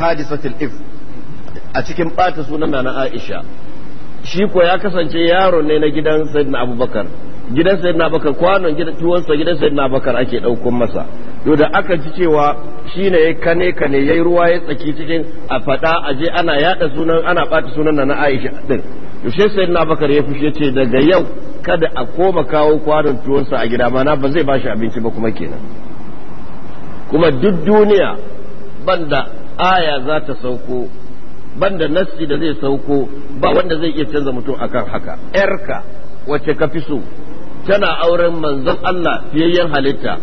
al if a cikin bata sunan na Aisha shi ko ya kasance yaro ne na gidan Sayyidina Abubakar gidan Sayyidina Abubakar kwanon gidan tuwon sa gidan Sayyidina Abubakar ake daukon masa to da aka ji cewa shine yayi kane kane yayi ruwa ya tsaki cikin a fada je ana yada sunan ana bata sunan na Aisha din to sai Sayyidina Abubakar ya fushi ce daga yau kada a koma kawo kwanon sa a gida mana ba zai bashi abinci ba kuma kenan kuma duk duniya banda aya za ta sauko banda nassi da zai sauko ba wanda zai iya canza mutum akan haka yarka wacce ka fi so tana auren manzon Allah fiyayyen halitta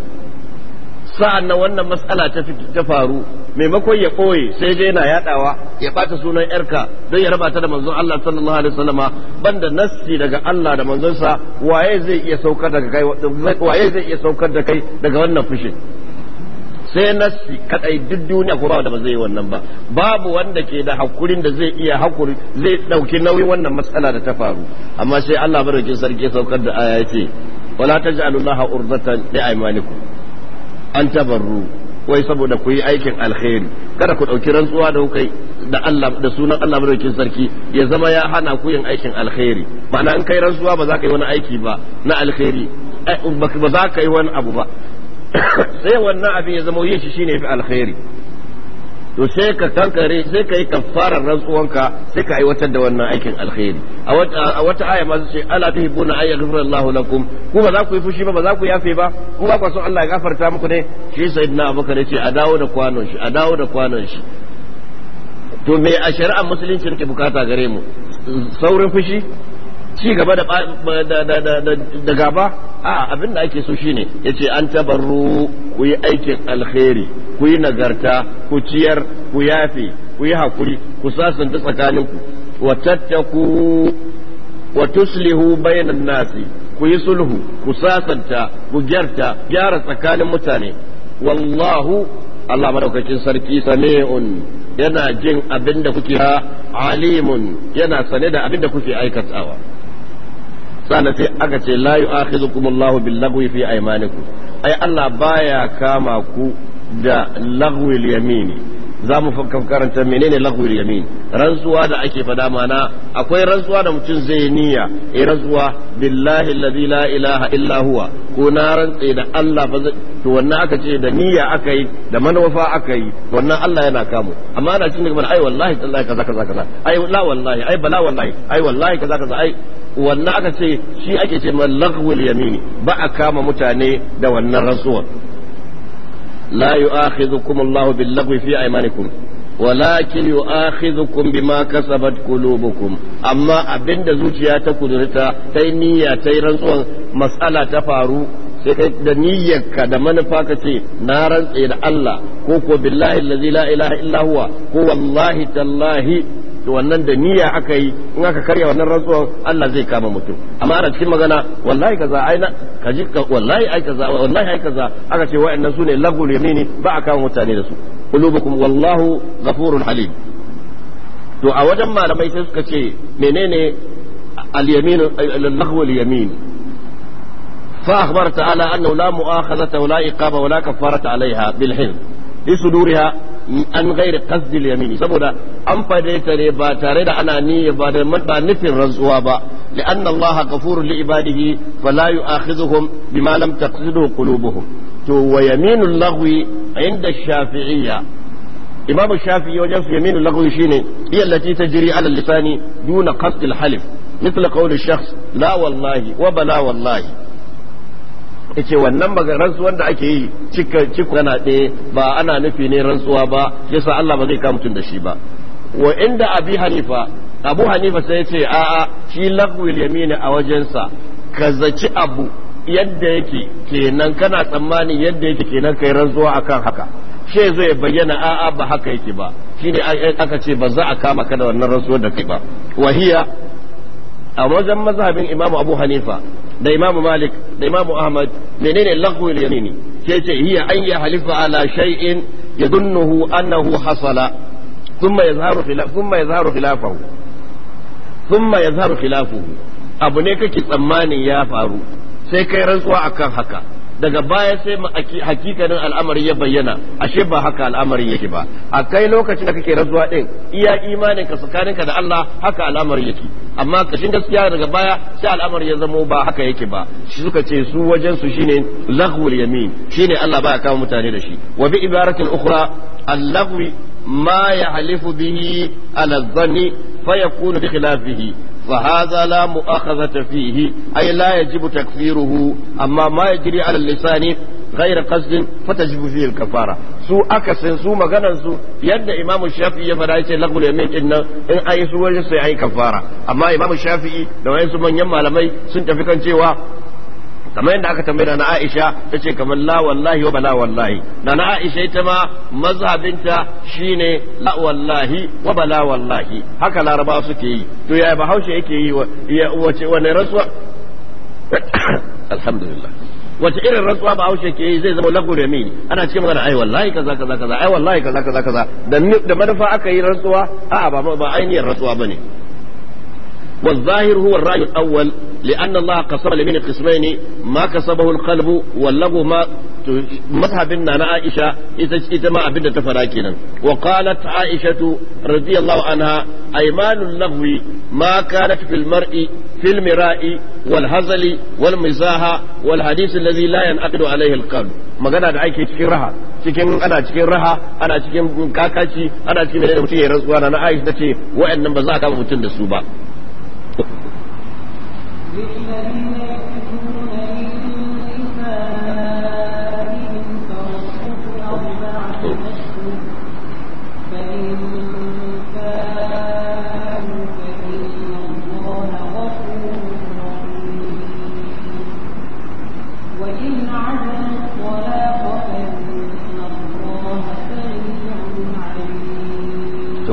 sa'an nan wannan matsala ta faru maimakon ya ɓoye sai dai na yaɗawa ya ɓata sunan yarka don ya raba ta da manzon Allah sallallahu alaihi wasallama banda nassi daga Allah da manzonsa waye zai iya saukar daga kai waye zai iya saukar da kai daga wannan fushin sai nassi kadai duk duniya ko ba ba zai yi wannan ba babu wanda ke da hakurin da zai iya hakuri zai dauki nauyi wannan matsala da ta faru amma sai Allah barkin sarki saukar da aya yace wala taj'alullaha urdatan li aymanikum an tabarru wai saboda ku yi aikin alkhairi kada ku dauki rantsuwa da kai da Allah da sunan Allah sarki ya zama ya hana ku yin aikin alkhairi ma'ana in kai rantsuwa ba za ka yi wani aiki ba na alkhairi eh, ba za ka yi wani abu ba sai wannan abin ya zama yin shi shine fi alkhairi to sai ka kankare sai ka yi kafarar rantsuwanka sai ka aiwatar da wannan aikin alkhairi a wata aya ma ce ala tuhibbuna ayya ghafara Allahu lakum ku ba za ku yi fushi ba ba za ku yafe ba ku ba ku son Allah ya gafarta muku ne shi sayyidina Abubakar ce a dawo da kwanon shi a dawo da kwanon shi to me a shari'ar musulunci nake bukata gare mu saurin fushi ci gaba da da gaba a abin da ake so shine yace an tabarru ku yi aikin alkhairi ku yi nagarta ku ciyar ku yafe ku yi hakuri ku sasanta tsakaninku wa wa tuslihu bainan nasi ku yi sulhu ku sasanta ku gyarta gyara tsakanin mutane wallahu Allah madaukakin sarki sami'un yana jin abin da kuke alimun yana sane da abin da kuke aikatawa sannan sai aka ce la yu'akhidhukum Allahu bil lagwi fi aymanikum ai Allah baya kama ku da lagwil yamini za mu karanta menene lagwil yamin rantsuwa da ake fada mana akwai rantsuwa da mutum zai niyya eh rantsuwa billahi allazi la ilaha illa huwa ko na rantse da Allah fa to wannan aka ce da niyya aka yi da manufa aka yi wannan Allah yana kamo amma ana cin gaba ai wallahi tallahi kaza kaza kaza ai la wallahi ai bala wallahi ai wallahi kaza kaza ai wannan aka ce shi ake ce man laghwul yamini ba a kama mutane da wannan rantsuwar la yu'akhidhukum Allahu bil fi aymanikum walakin yu'akhidhukum bima kasabat qulubukum amma abinda zuciya ta kudurta ta yi niyya ta yi rantsuwar mas'ala ta faru sai kai da niyyarka da manufa ka ce na rantse da Allah ko ko billahi allazi la ilaha illa huwa ko wallahi tallahi wannan da niyya aka yi in aka karya wannan rantsuwan Allah zai kama mutum amma ana cikin magana wallahi kaza ai ka kaji wallahi ai kaza wallahi ai kaza aka ce wa'annan sune lagul yamini ba a kama mutane da su qulubukum wallahu ghafurun halim to a wajen malamai sai suka ce menene al-yamin al-lahwu al-yamin فأخبر تعالى أنه لا مؤاخذة ولا إقامة ولا كفارة عليها بالحلم لصدورها an gairi kazdil yamini saboda an fadaita ne ba tare da ana niyya ba da mata nufin rantsuwa ba li anna allaha ghafurur li ibadihi fa la yu'akhidhuhum bima lam taqsidu qulubuhum to wa yaminul lagwi inda shafi'iyya imamu shafi'i wajen yaminul lagwi shine hiya allati tajri ala lisani duna qasdil halif مثل قول الشخص لا والله وبلا wallahi. yace wannan ba rantsuwan da ake yi cika cikana ɗaya ba ana nufi ne rantsuwa ba yasa Allah ba zai kama mutum da shi ba wa inda abi hanifa abu hanifa sai a a'a shi lagwil yamini a wajensa ka zaci abu yadda yake kenan kana tsammani yadda yake kenan kai rantsuwa akan haka she zai bayyana a ba haka yake ba shine aka ce ba za a kama ka da wannan rantsuwar da kai ba wahiya a wajen mazhabin imamu abu hanifa da imamu malik da imamu ahmad menene lahwul yamini sai ce hiya an ya halifa ala shay'in yadunnuhu annahu hasala thumma yazharu khilafu thumma yazharu khilafahu thumma yazharu khilafuhu abu ne kake tsammanin ya faru sai kai rantsuwa akan haka daga baya sai hakikanin al'amari ya bayyana ashe ba haka al'amari yake ba a kai lokacin da kake rantsuwa din iya imanin ka tsakaninka da Allah haka al'amari yake amma kashin gaskiya daga baya sai al'amari ya zamo ba haka yake ba shi suka ce su wajen su shine lahwul yamin shine Allah baya kama mutane da shi wa bi ibaratin ukhra al-lahwi ma yahlifu bihi ala dhanni fayakunu bi khilafihi فهذا لا مؤاخذة فيه أي لا يجب تكفيره أما ما يجري على اللسان غير قصد فتجب فيه الكفارة su akasin su maganansu yadda imamu shafi'i ya fada yace lagul yamin din nan in ayi su wajen sai ayi kafara amma imamu shafi'i da wayansu manyan malamai sun tafi kan cewa kamar yadda aka tambaye na Aisha tace kamar la wallahi wa bala wallahi na Aisha ita ma mazhabinta shine la wallahi wa bala wallahi haka laraba suke yi to yaya bahaushe yake yi wace wani rasuwa alhamdulillah wace irin rantsuwa ba haushe ke yi zai zama da mini ana cikin magana ai wallahi kaza kaza kaza ai wallahi kaza kaza kaza da manufa aka yi rantsuwa a'a ba ba ainihin rantsuwa bane والظاهر هو الرأي الأول لأن الله قسم لمن القسمين ما كسبه القلب واللغو ما مذهب أنا عائشة إتما أبدا تفراكنا وقالت عائشة رضي الله عنها أيمان اللغو ما كانت في المرء في المراء والهزل والمزاح والحديث الذي لا ينعقد عليه القلب magana da ake cikin raha cikin ana cikin raha ana cikin kakaci ana cikin da mutum ya rantsuwa na Aisha tace wa'annan ba za a kama mutum da su ba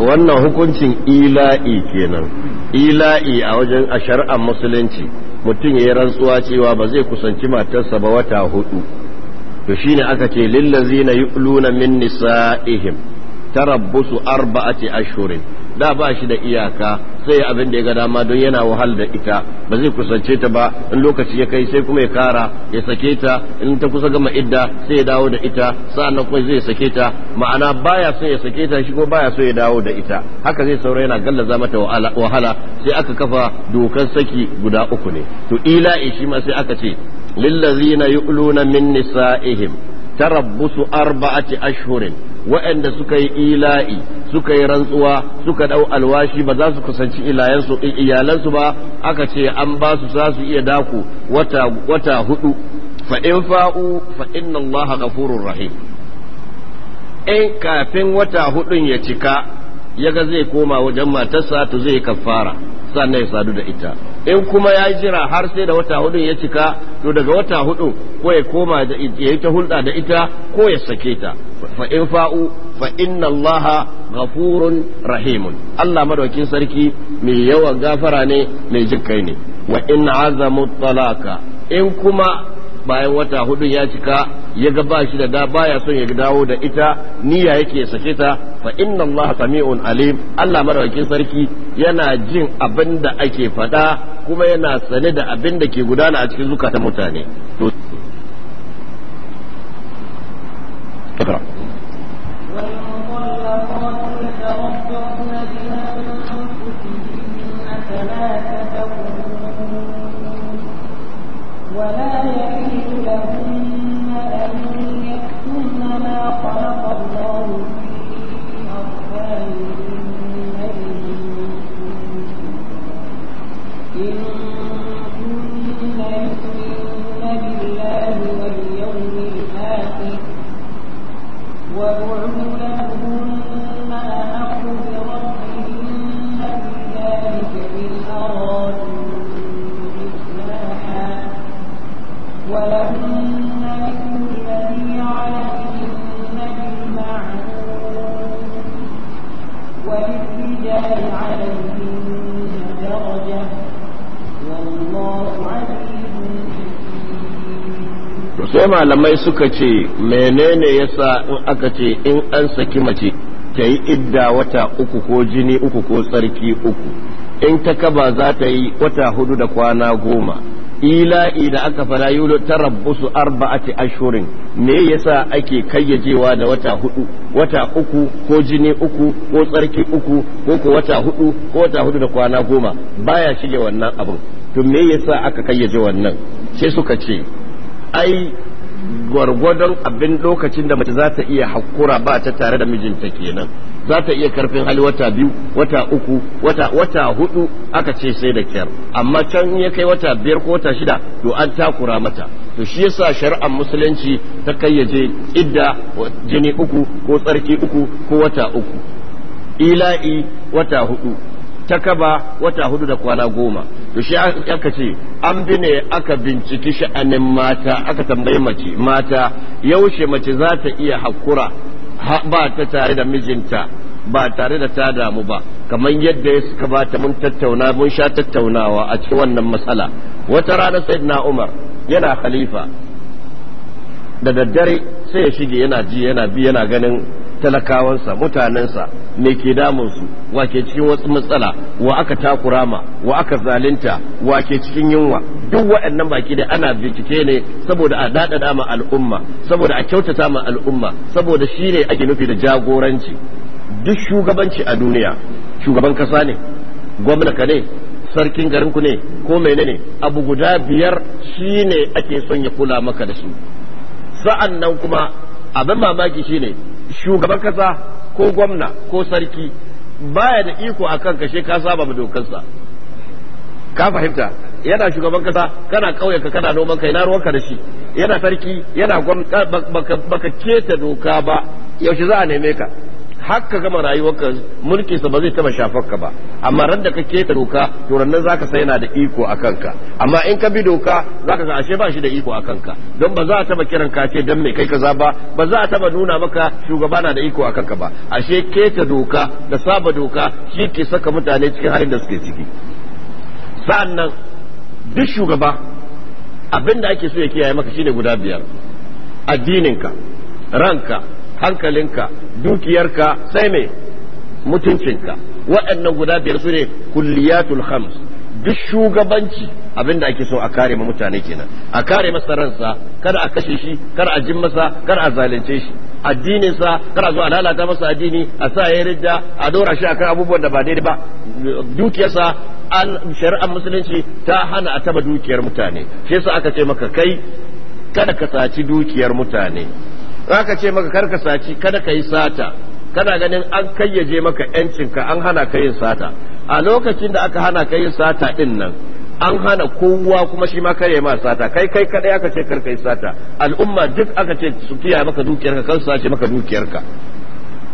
wannan hukuncin ila'i kenan ila'i a wajen a shari'ar musulunci mutum ya yi rantsuwa cewa ba zai kusanci matarsa ba wata hudu to shi ne aka ce yi luna min nisa'ihim tarabbusu arba'ati ashirin da ba shi da iyaka zai yi abin da ya ga dama don yana wahal da ita ba zai kusance ta ba in lokaci ya kai sai kuma ya kara ya sake ta in ta kusa gama idda sai ya dawo da ita sa'annan kuma zai sake ta ma'ana baya so ya sake ta shi kuma baya so ya dawo da ita haka zai saura yana gallaza mata wahala sai aka kafa dokar saki guda uku ne to ila'i shi ma sai aka ce lillazina yu'luna min nisa'ihim tarabbusu arba'ati ashhurin waɗanda suka yi ila'i suka yi rantsuwa suka dau alwashi ba za su kusanci ilayensu iyalansu ba aka ce an ba su za su iya dako wata wata hudu fa in fa'u fa inna Allah ghafurur rahim in kafin wata hudun ya cika yaga zai koma wajen matarsa to zai kafara sannan ya sadu da ita in kuma ya jira har sai da wata hudun ya cika to daga wata hudu ko ya koma ya ta hulɗa da ita ko ya sake ta Fa'in fa'u fa inna allaha rahimun Allah madaukin sarki mai yawan gafara ne mai jin ne wa in azamu talaka in kuma bayan wata hudu ya cika ya ga ba shi da da baya son ya dawo da ita niyya yake sake ta fa inna Allah sami'un alim Allah madaukakin sarki yana jin abin da ake faɗa kuma yana sane da abin da ke gudana a cikin zukatan mutane to ويوم sai malamai suka ce menene yasa in aka ce in an saki mace ta yi idda wata uku ko jini uku ko tsarki uku in ta kaba za ta yi wata hudu da kwana goma ila'i da aka fara yulo tarabbusu arba'ati ashurin me yasa ake kayyajewa da wata hudu wata uku ko jini uku ko tsarki uku ko ko wata hudu ko wata hudu da kwana goma baya shige wannan abin to me yasa aka kayyaje wannan sai suka ce ai gwargwadon abin lokacin da mace za ta iya hakura ba ta tare da mijinta kenan za ta iya karfin hali wata biyu wata uku wata wata hudu aka ce sai da kyar amma can ya kai wata biyar ko wata shida to an takura mata to shi yasa shari'ar musulunci ta kayyaje idda jini uku ko tsarki uku ko wata uku ila'i wata hudu ta kaba wata hudu da kwana goma to shi aka ce an bi ne aka binciki sha'anin mata aka tambayi mace mata yaushe mace za ta iya hakura ba ta tare da mijinta ba tare da ta damu ba kamar yadda ya suka ta mun tattauna mun sha tattaunawa a cikin wannan matsala wata rana sayyidina umar yana khalifa da daddare sai ya shige yana ji yana bi yana ganin talakawansa mutanensa me ke damunsu wa ke cikin wasu matsala wa aka takurama wa aka zalinta wa ke cikin yunwa duk waɗannan baki da ana bincike ne saboda a daɗaɗa ma al'umma saboda a kyautata ma al'umma saboda shi ne ake nufi da jagoranci duk shugabanci a duniya shugaban kasa ne gwamnaka ne sarkin garinku ne ko menene abu guda biyar shi ne ake son ya kula maka da su sa'an nan kuma abin mamaki shine shugaban kasa ko gwamna ko sarki baya da iko a kan kashe ka saba ma dokarsa ka fahimta yana shugaban kasa kana ƙauyenka kana noman kai na ruwanka da shi yana sarki yana gwamna baka keta doka ba yaushe za a neme ka har ka gama rayuwarka mulkin sa ba zai taba shafar ka ba amma randa ka keta doka to ran zaka sai na da iko a kanka amma in ka bi doka zaka ga ashe ba shi da iko a kanka don ba za a taba kiran ka ce dan mai kai kaza ba ba za a taba nuna maka shugaba na da iko a kanka ba ashe keta doka da saba doka shi ke saka mutane cikin halin da suke ciki sa'annan duk shugaba abinda ake so ya kiyaye maka shine guda biyar addininka ranka hankalinka dukiyarka sai mai mutuncinka waɗannan guda biyar su ne kulliyatul khams duk shugabanci abinda ake so a kare ma mutane kenan a kare masa ransa kada a kashe shi kada a jin masa kada a zalunce shi addininsa kada zo a lalata masa addini a sa ya rida a dora shi akan abubuwan da ba daidai ba dukiyarsa an shari'ar musulunci ta hana a taba dukiyar mutane shi yasa aka ce maka kai kada ka saci dukiyar mutane zaka ce maka karka saci kada ka yi sata kana ganin an kayyaje maka yancinka an hana ka yin sata a lokacin da aka hana ka yin sata din nan an hana kowa kuma shi ma kare ma sata kai kai kadai aka ce karka yi sata al'umma duk aka ce su kiyaye maka dukiyarka kan su sace maka dukiyarka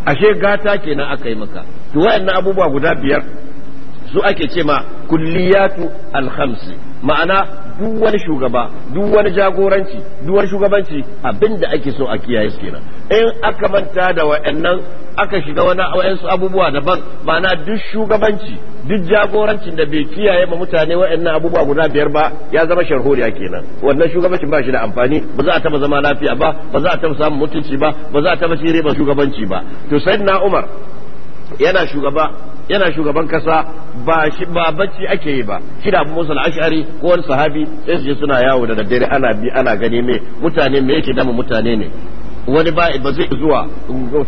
ashe gata kenan aka yi maka to wayannan abubuwa guda biyar su ake ce ma kulliyatu alhamsi ma'ana duk wani shugaba duk wani jagoranci duk wani shugabanci abinda ake so a kiyaye su kenan in aka manta da wa'annan aka shiga wani wa'ansu abubuwa daban ma'ana duk shugabanci duk jagorancin da bai kiyaye ma mutane wa'annan abubuwa guda biyar ba ya zama sharholiya kenan wannan shugabanci ba shi da amfani ba za a taba zama lafiya ba ba za a taba samun mutunci ba ba za a taba shire ba shugabanci ba to sayyidina Umar yana shugaba yana shugaban kasa ba shi ba bacci ake yi ba shi abu musul ashari ko wani sahabi sai su je suna yawo da daddare ana bi ana gani me mutane me yake dama mutane ne wani ba ba zai zuwa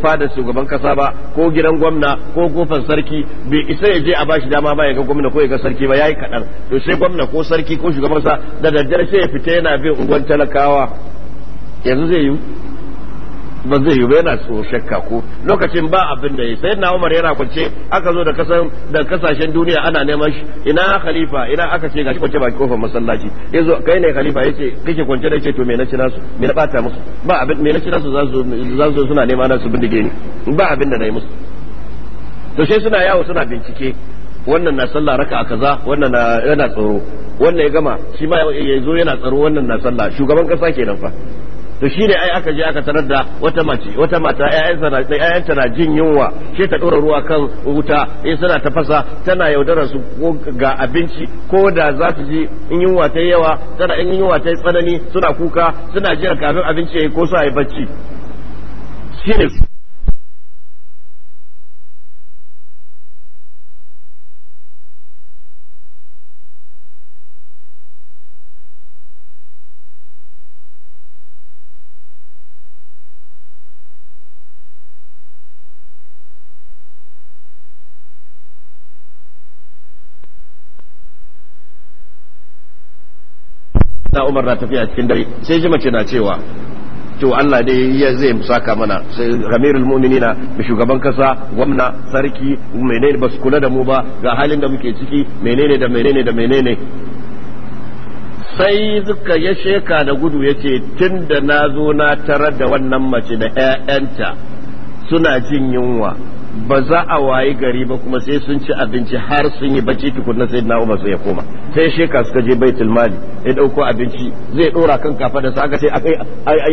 fadar shugaban kasa ba ko gidan gwamna ko kofar sarki bai isa ya je a bashi dama ba ya ga gwamna ko ya ga sarki ba yayi kadan to sai gwamna ko sarki ko shugaban kasa da daddare sai ya fita yana bin unguwan talakawa yanzu zai yi ba zai yi yana so shakka ko lokacin ba abin da ya sai na Umar yana kwance aka zo da kasan da kasashen duniya ana neman shi ina khalifa ina aka ce gashi kwance baki kofar masallaci yazo kai ne khalifa yace kike kwance da yace to me na cina su me na bata musu ba abin me na cina su zasu zasu suna na nasu bindige ni ba abin da nayi musu to sai suna yawo suna bincike wannan na sallah raka a kaza wannan na yana tsaro wannan ya gama shi ma ya zo yana tsaro wannan na sallah shugaban kasa kenan fa to ne ai aka je aka tarar da wata mace wata mata ƴaƴanta na ƴaƴanta na jin yunwa sai ta dora ruwa kan wuta eh suna tafasa tana yaudarar su ga abinci ko da za su ji in yunwa ta yawa tana in yunwa ta tsanani suna kuka suna jira kafin abinci yayi ko su ayi bacci shine na umar na tafiya cikin dare sai ji mace na cewa to Allah dai ya zai saka mana sai ramirul mu'minina da shugaban kasa gwamna sarki menene ba su kula da mu ba ga halin da muke ciki menene da menene da menene sai zuka ya sheka da gudu ya ce tun da na zo na tarar da wannan mace da 'ya'yanta suna jin yunwa ba za a wayi gari ba kuma sai sun ci abinci har sun yi bacci tukunna na sayyidina umar ya koma sai sheka suka je baitul mali ya dauko abinci zai dora kan kafa da sa aka ce akai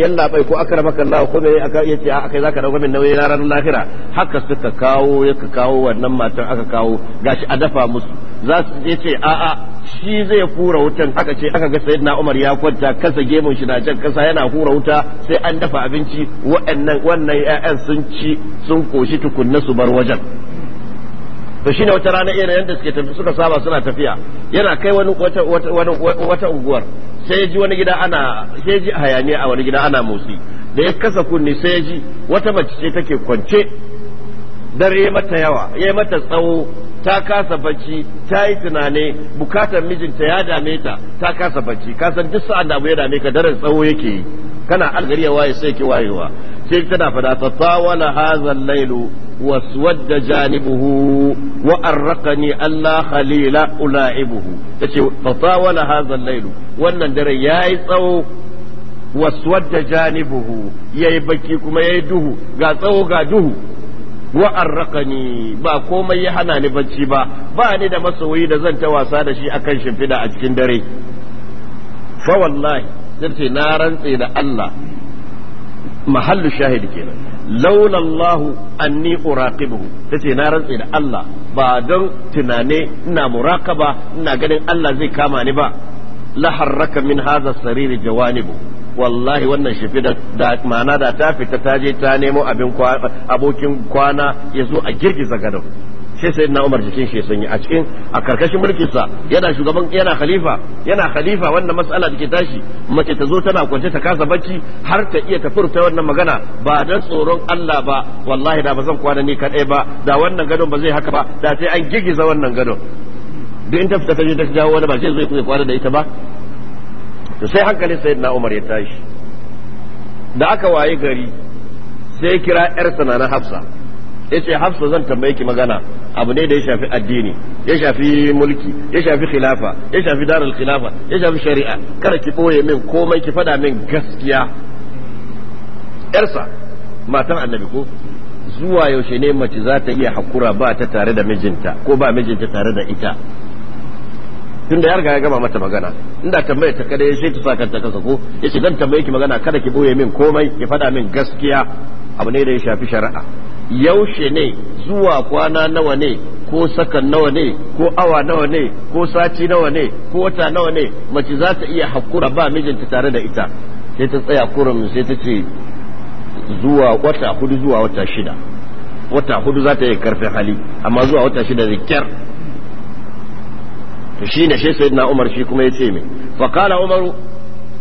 yalla bai ko akrama Allah ko me aka yace akai zaka dauka min nauyi ranar lahira haka suka kawo ya kawo wannan matan aka kawo gashi a dafa musu za su je ce a'a shi zai hura wutan aka ce aka ga sayyidina Umar ya kwanta kasa gemun shi na can kasa yana hura wuta sai an dafa abinci wa'annan wannan ƴaƴan sun ci sun koshi tukunna su bar wajen to shine wata rana irin yadda suke tafi suka saba suna tafiya yana kai wani wata wata unguwar sai ji wani gida ana sai ji hayaniya a wani gida ana motsi da ya kasa kunni sai ji wata mace ce take kwance dare mata yawa ya mata tsawo ta kasa bacci ta yi tunane bukatar mijinta ya dame ta ta kasa bacci kasan duk sa'an da abu ya dame ka daren tsawo yake yi kana algari ya waye sai ki wayewa sai tana fada ta tawala hazal lailu waswadda janibuhu wa arraqani alla khalila ulaibuhu tace ta tawala hazal lailu wannan dare yayi tsawo waswadda janibuhu yayi baki kuma yayi duhu ga tsawo ga duhu wa arraqani ba komai ya hana ni bacci ba ba ni da masoyi da zan ta wasa da shi akan shimfida a cikin dare fa wallahi sai na rantse da Allah mahallu shahidi kenan laula Allah anni uraqibuhu tace na rantse da Allah ba don tunane ina muraqaba ina ganin Allah zai kama ni ba la harraka min hadha sariri jawanibu wallahi wannan shafi da ma'ana da ta fita ta je ta nemo abin abokin kwana ya zo a girgiza gadon sai sai na umar jikin shi sanyi a cikin a karkashin mulkinsa yana shugaban yana khalifa yana khalifa wannan matsala da ke tashi mace ta zo tana kwance ta kasa bacci har ta iya ta wannan magana ba dan tsoron Allah ba wallahi da ba zan kwana ni kadai ba da wannan gadon ba zai haka ba da sai an gigiza wannan gadon duk in ta fita ta je ta jawo wani ba zai zo kwana da ita ba to sai hankalin sayyidina Umar ya tashi da aka waye gari sai kira yarsa na Hafsa yace Hafsa zan tambaye ki magana abu ne da ya shafi addini ya shafi mulki ya shafi khilafa ya shafi darul khilafa ya shafi shari'a kada ki boye min komai ki fada min gaskiya yarsa matan annabi ko zuwa yaushe ne mace za ta iya hakura ba ta tare da mijinta ko ba mijinta tare da ita tunda ya riga ya gama mata magana inda tambaye ta kada sai ta saka ta kasa ko yace dan tambaye ki magana kada ki boye min komai ki faɗa min gaskiya abu ne da ya shafi shari'a yaushe ne zuwa kwana nawa ne ko sakan nawa ne ko awa nawa ne ko sati nawa ne ko wata nawa ne mace za ta iya hakura ba mijinta tare da ita sai ta tsaya kurum sai ta ce zuwa wata hudu zuwa wata shida wata hudu za ta yi karfin hali amma zuwa wata shida da kyar shi ne shi sayyidina Umar shi kuma ya ce mai faqala Umaru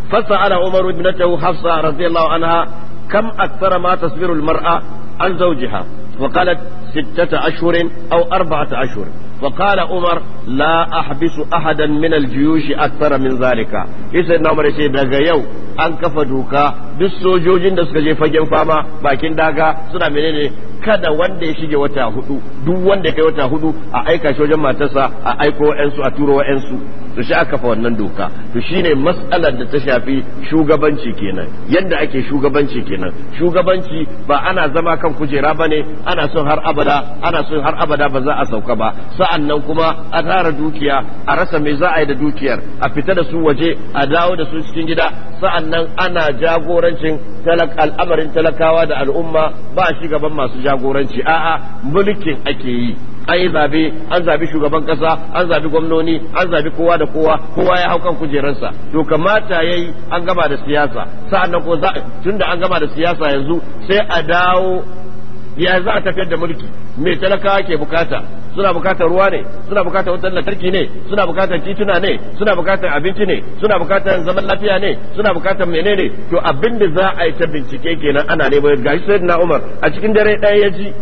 fasala Umaru Hafsa radiyallahu anha kam akthara ma tasbiru almar'a an zawjiha faqalat sittata ashhurin aw arba'ata ashhur faqala Umar la ahbisu ahadan minal aljuyush akthara min zalika shi sayyidina Umar ce daga yau an kafa doka duk sojojin da suka je fagen fama bakin daga suna menene kada wanda ya shige wata hudu duk wanda ya kai wata hudu a aika shi wajen matarsa a aiko wa'ansu a turo wa'ansu to shi aka fa wannan doka to shine mas'alar da ta shafi shugabanci kenan yadda ake shugabanci kenan shugabanci ba ana zama kan kujera bane ana son har abada ana son har abada ba za a sauka ba sa'annan kuma a tara dukiya a rasa mai za a yi da dukiyar a fita da su waje a dawo da su cikin gida sa'annan ana jagorancin al'amarin talakawa da al'umma ba shi gaban masu jagoranci a'a mulkin ake yi an yi zabe an zabi shugaban kasa an zabi gwamnoni an zabi kowa da kowa kowa ya hau kan kujerarsa to kamata yayi an gama da siyasa sa'annan ko za tunda an gama da siyasa yanzu sai a dawo ya za a tafiyar da mulki me talakawa ke bukata suna bukatar ruwa ne suna bukatar wutar lantarki ne suna bukatar tituna ne suna bukatar abinci ne suna bukatar zaman lafiya ne suna bukatar menene to abin da za a yi ta bincike kenan ana neman gashi sai na umar a cikin dare ɗaya ya ji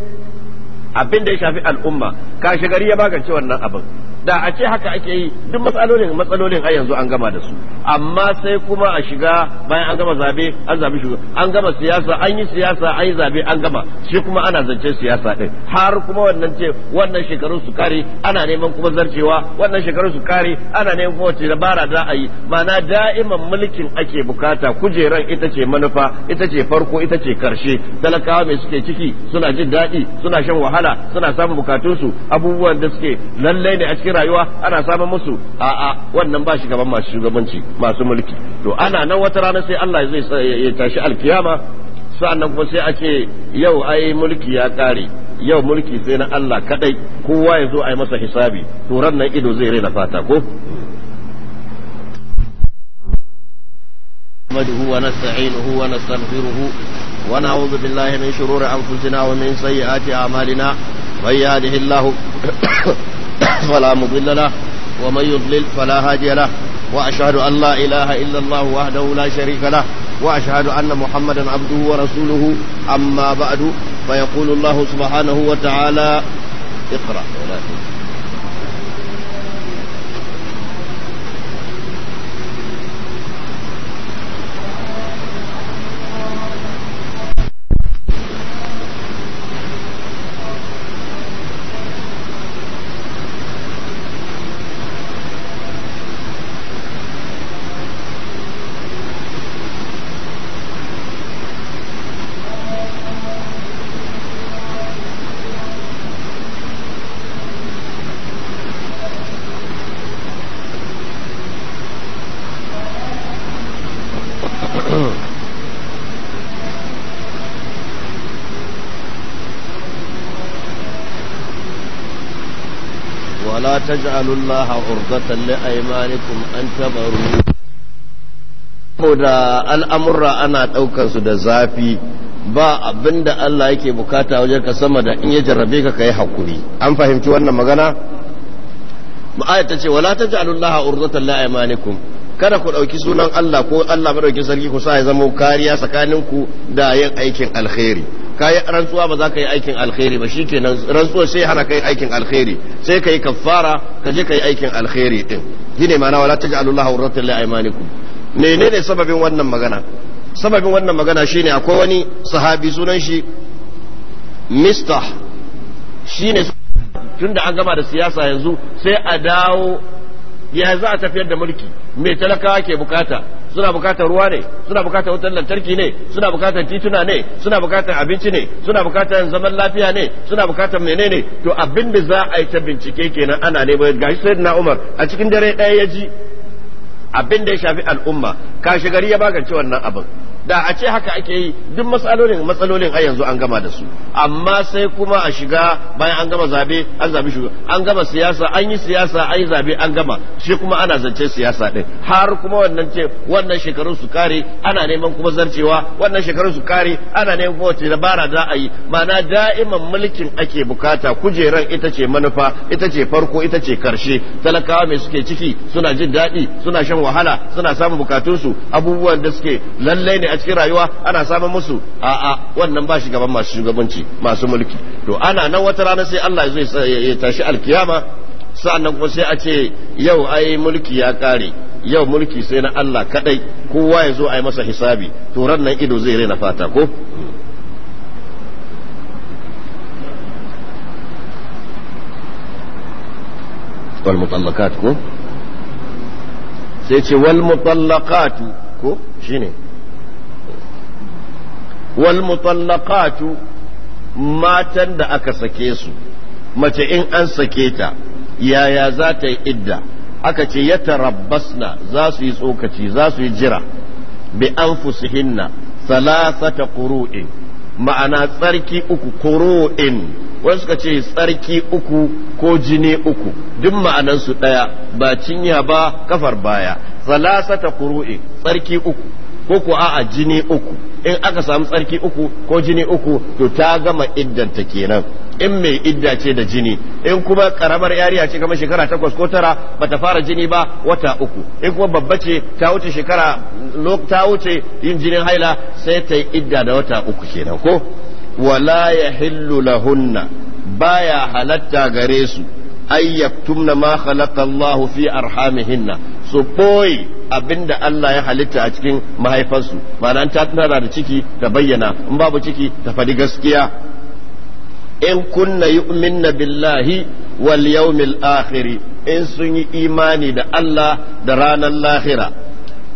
abin da ya shafi al'umma kashi gari ya magance wannan abin da a ce haka ake yi duk matsalolin matsalolin a yanzu an gama da su amma sai kuma a shiga bayan an gama zabe an zabi shugaba an gama siyasa an yi siyasa an yi zabe an gama shi kuma ana zance siyasa din har kuma wannan ce wannan shekarun su kare ana neman kuma zarcewa wannan shekarun su kare ana neman kuma wace dabara za a yi ma'ana da'iman mulkin ake bukata kujeran ita ce manufa ita ce farko ita ce karshe talakawa mai suke ciki suna jin daɗi suna shan wahala suna samun bukatunsu abubuwan da suke lallai ne a cikin rayuwa ana samun musu a'a wannan ba shi gaban masu shugabanci masu mulki to ana nan wata rana sai Allah zai ya tashi alkiyama sa'annan kuma sai a ce yau ai mulki ya kare yau mulki sai na Allah kadai kowa ya zo a yi masa hisabi to ran ido zai raina fata ko نحمده ونستعينه ونستغفره ونعوذ بالله من شرور أنفسنا ومن سيئات أعمالنا من يهده الله فلا مضل له ومن يضلل فلا هادي له وأشهد أن لا إله إلا الله وحده لا شريك له وأشهد أن محمدا عبده ورسوله أما بعد فيقول الله سبحانه وتعالى اقرأ تجعلوا الله عرضة لأيمانكم أن تبروا da al'amurra ana ɗaukansu da zafi ba abinda Allah yake bukata wajen ka sama da in ya jarrabe ka kai hakuri an fahimci wannan magana? ma'ayar ta ce wala ta ji alullaha urzatan la'aimanikum kada ku ɗauki sunan Allah ko Allah dauki sarki ku sa ya zama kariya tsakaninku da yin aikin alkhairi kayi rantsuwa ba za ka yi aikin alkhairi ba shi shikenan rantsuwa sai hana kai aikin alkhairi sai kai kaffara ka je yi aikin alkhairi din gine ma'ana wala taj'alullaha urratan li aymanikum menene sababin wannan magana sababin wannan magana shine akwai wani sahabi sunan shi mistah shine tunda an gama da siyasa yanzu sai a dawo ya za a tafiyar da mulki mai talakawa ke bukata suna bukatar ruwa ne suna bukatar wutar lantarki ne suna bukatar tituna ne suna bukatar abinci ne suna bukatar zaman lafiya ne suna bukatar menene to abin da za a yi ta bincike kenan ana ne gashi sai na umar a cikin dare ɗaya ya ji abin da ya shafi al'umma kashi gari ya ci wannan abin da a ce haka ake yi duk matsalolin matsalolin a yanzu an gama da su amma sai kuma a shiga bayan an gama zabe an zabi shugaba an gama siyasa an yi siyasa an yi zabe an gama shi kuma ana zance siyasa din har kuma wannan ce wannan shekarun su kare ana neman kuma zarcewa wannan shekarun su kare ana neman kuma wace dabara za a yi mana da'iman mulkin ake bukata kujeran ita ce manufa ita ce farko ita ce karshe talakawa mai suke ciki suna jin daɗi suna shan wahala suna samun bukatunsu abubuwan da suke lallai ne cikin rayuwa ana samun musu a'a wannan ba shi gaban masu shugabanci masu mulki to ana nan wata rana sai Allah ya zo ya tashi alkiyama sa'annan kuma sai a ce yau ai mulki ya kare yau mulki sai na Allah kadai kowa ya zo a yi masa hisabi to ran nan ido zai raina fata ko والمطلقات ko sai ce wal mutallaqatu ko shine wal mutallaqatu matan da aka sake su mace in an sake ta yaya za ta yi idda aka ce ya tarabbasna za su yi tsokaci za su yi jira bi anfusihinna salasata kuru'in ma'ana tsarki uku kuru'in wasu suka ce tsarki uku ko jini uku duk ma'anansu ɗaya ba cinya ba kafar baya salasata kuru'i tsarki uku ko ko a'a jini uku in aka samu tsarki uku ko jini uku to ta gama iddanta kenan in mai idda ce da jini in kuma karamar yariya ce kamar shekara takwas ko tara bata fara jini ba wata uku in kuma babba ce ta wuce shekara ta wuce yin jinin haila sai ta yi idda da wata uku kenan ko wala ya hillu lahunna baya halatta gare su ay ma khalaqa Allahu fi arhamihinna su boye abinda Allah ya halitta a cikin mahaifansu ma'ana ta tana da ciki ta bayyana in babu ciki ta faɗi gaskiya in kunna yu'minna billahi wal yawmil akhir in sun yi imani da Allah da ranar lahira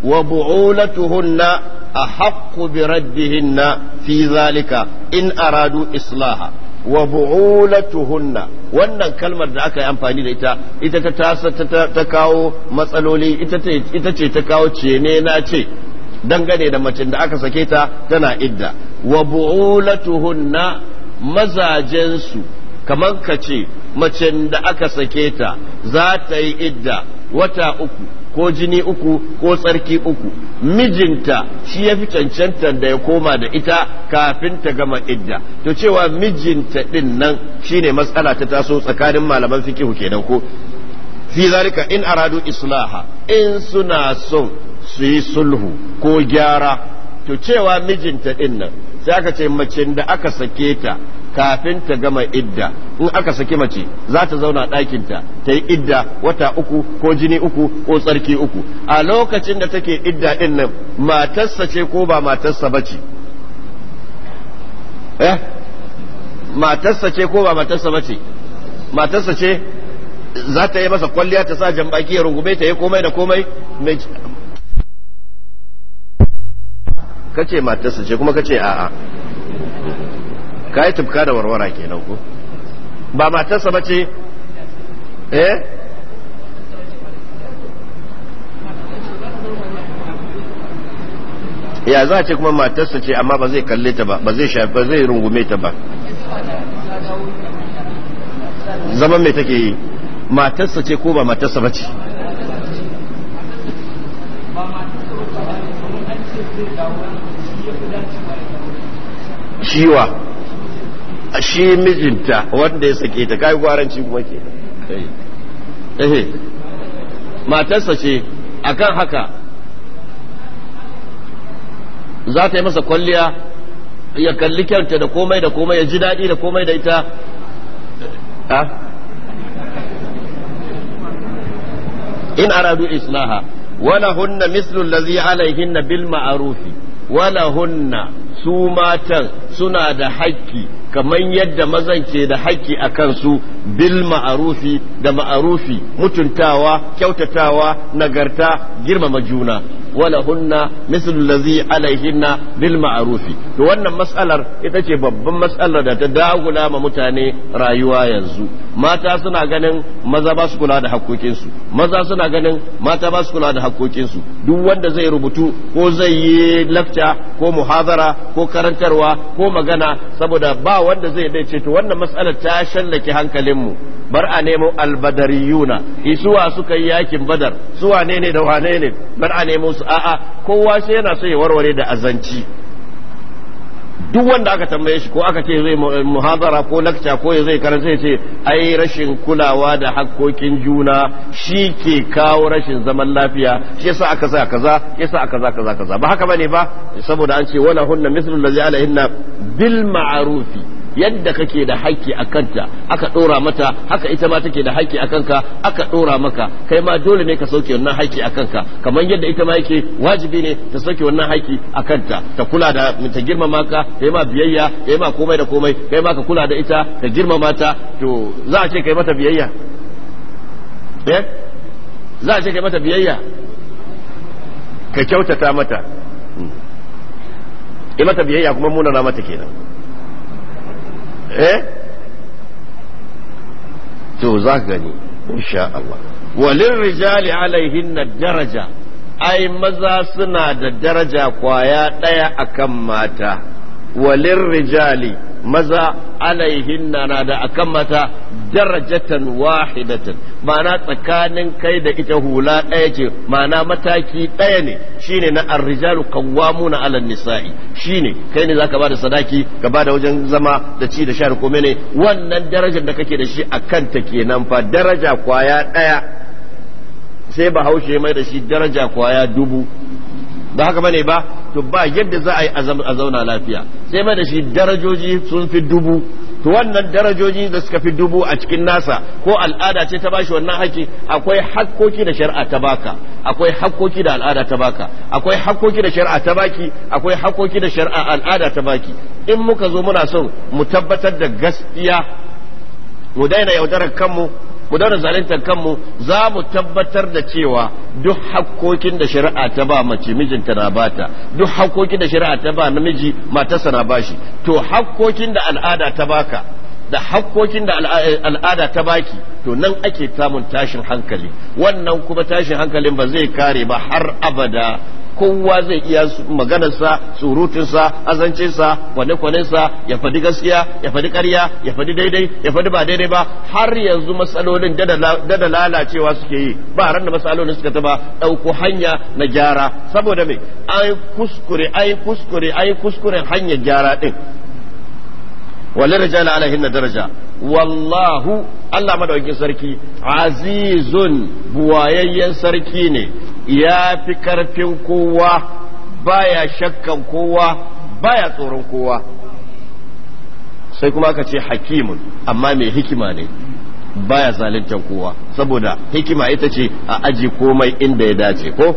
wa bu'ulatuhunna أحق بردهن fi zalika in aradu islaha. wa bu'ulatuhunna wannan kalmar da aka yi amfani da ita ita ta tasa ta kawo matsaloli ita ce ta kawo cene na ce dangane da macin da aka sake ta tana idda wa bu'ulatuhunna mazajensu kamar ka ce macin da aka sake ta za ta yi idda wata uku ko jini uku ko tsarki uku mijinta shi ya fi cancantar da ya koma da ita kafin ta gama idda to cewa mijinta din nan shine matsala ta taso tsakanin malaman fikihu kenan ko fi zalika in aradu islaha in suna son su yi sulhu ko gyara to cewa mijinta din nan sai aka ce macin da aka sake ta kafin ta gama idda in aka saki mace za ta zauna ɗakinta ta yi idda wata uku ko jini uku ko tsarki uku a lokacin da take idda ɗin nan matarsa ce ko ba matarsa ba ce eh matarsa ce ko ba matarsa ba ce matarsa ce za ta yi masa kwalliya ta sa jambaki ya rungume ta yi komai da komai kace matarsa ce kuma kace a'a ka yi tufka da warwara ke ko ba matarsa ba ce eh ya za ce kuma matarsa ce amma ba zai kalle ta ba ba zai shafi ba zai rungume ta ba zaman mai take yi matarsa ce ko ba matarsa ba ce shiwa shi mijinta wanda ya sake ta kai gwaranci kuma ke ehe eh. matarsa ce akan haka za ta yi masa kwalliya ya kalli kyanta da komai da komai ya ji daɗi da komai da ita in aradu islaha wala hunna alaihin na alaihinna bil ma'rufi wala hunna su matan suna da haƙƙi kamar yadda mazan ke da haƙƙi a kansu bil ma'arufi da ma'arufi mutuntawa kyautatawa nagarta girmama juna walahunna mislu allazi alaihinna bil ma'ruf to wannan mas'alar ita ce babban mas'alar da ta dagula ma mutane rayuwa yanzu mata suna ganin maza ba su kula da su maza suna ganin mata ba su kula da su duk wanda zai rubutu ko zai yi lafta ko muhazara ko karantarwa ko magana saboda ba wanda zai dace to wannan mas'alar ta shallake mu bar a nemo albadariyuna isuwa suka yi yakin badar suwa ne ne da wane ne bar a nemo su a'a kowa sai yana so ya warware da azanci duk wanda aka tambaye shi ko aka ce zai eh, muhadara ko lakca ko zai karanta ya ce ai rashin kulawa da hakkokin juna shi ke kawo rashin zaman lafiya shi yasa aka sa kaza yasa aka za kaza kaza ba haka bane ba saboda an ce wala hunna mislu allazi alaihinna bil ma'rufi yadda kake da haƙƙi a kanta aka ɗora mata haka ita ma take da haƙƙi a kanka aka ɗora maka kai ma dole ne ka sauke wannan haƙƙi a kanka kamar yadda ita ma yake wajibi ne ta sauke wannan haƙƙi a kanta ta kula da ta girmama ka kai ma biyayya kai ma komai da komai kai ma ka kula da ita ka girmama ta to za a ce kai mata biyayya eh za a ce kai mata biyayya ka kyautata mata hmm. yi mata biyayya kuma munana mata kenan eh to za gani insha Allah walin rijali alaihin na daraja ai maza suna da daraja kwaya ɗaya akan mata walin rijali maza alaihin na da akan mata darajatan wahidatan ma'ana tsakanin kai da ita hula ɗaya ce ma'ana mataki ɗaya ne shine na arrijalu na alan nisa'i shine kai ne zaka bada sadaki ka bada wajen zama da ci da sha kome ne wannan darajar da kake da shi akan ta kenan fa daraja kwaya ɗaya sai bahaushe mai da shi daraja kwaya dubu ba haka bane ba to ba yadda za a yi a zauna lafiya sai mai da shi darajoji sun fi dubu to wannan darajoji da suka fi dubu a cikin nasa ko al'ada ce ta bashi wannan haƙƙi akwai hakkoki da shari'a ta baka akwai hakkoki da al'ada ta baka akwai hakkoki da shari'a ta baki akwai hakkoki da shari'a al'ada ta baki in muka zo muna son mu tabbatar da gaskiya mu daina yaudarar kanmu mu daura zaluntar kanmu za mu tabbatar da cewa duk hakkokin da shari'a ta ba mace mijinta na bata duk hakkokin da shari'a ta ba namiji matarsa na bashi to hakkokin da al'ada ta baka da hakkokin da eh, al'ada ta baki to nan ake samun tashin hankali wannan kuma tashin hankalin ba zai kare ba har abada kowa zai iya maganarsa surutunsa azancinsa kwane-kwanensa ya faɗi gaskiya ya faɗi karya ya faɗi daidai ya faɗi ba daidai ba har yanzu matsalolin dada lalacewa suke yi ba ran da matsalolin suka taba ɗauko hanya na gyara saboda me an kuskure an kuskure an kuskuren hanyar gyara ɗin walin rijala ala na daraja wallahu Allah madawakin sarki azizun buwayayyen sarki ne ya fi karfin kowa baya shakkan kowa baya tsoron kowa sai kuma aka ce hakimun amma mai hikima ne baya zaluntar kowa saboda hikima ita ce a aji komai inda ya dace ko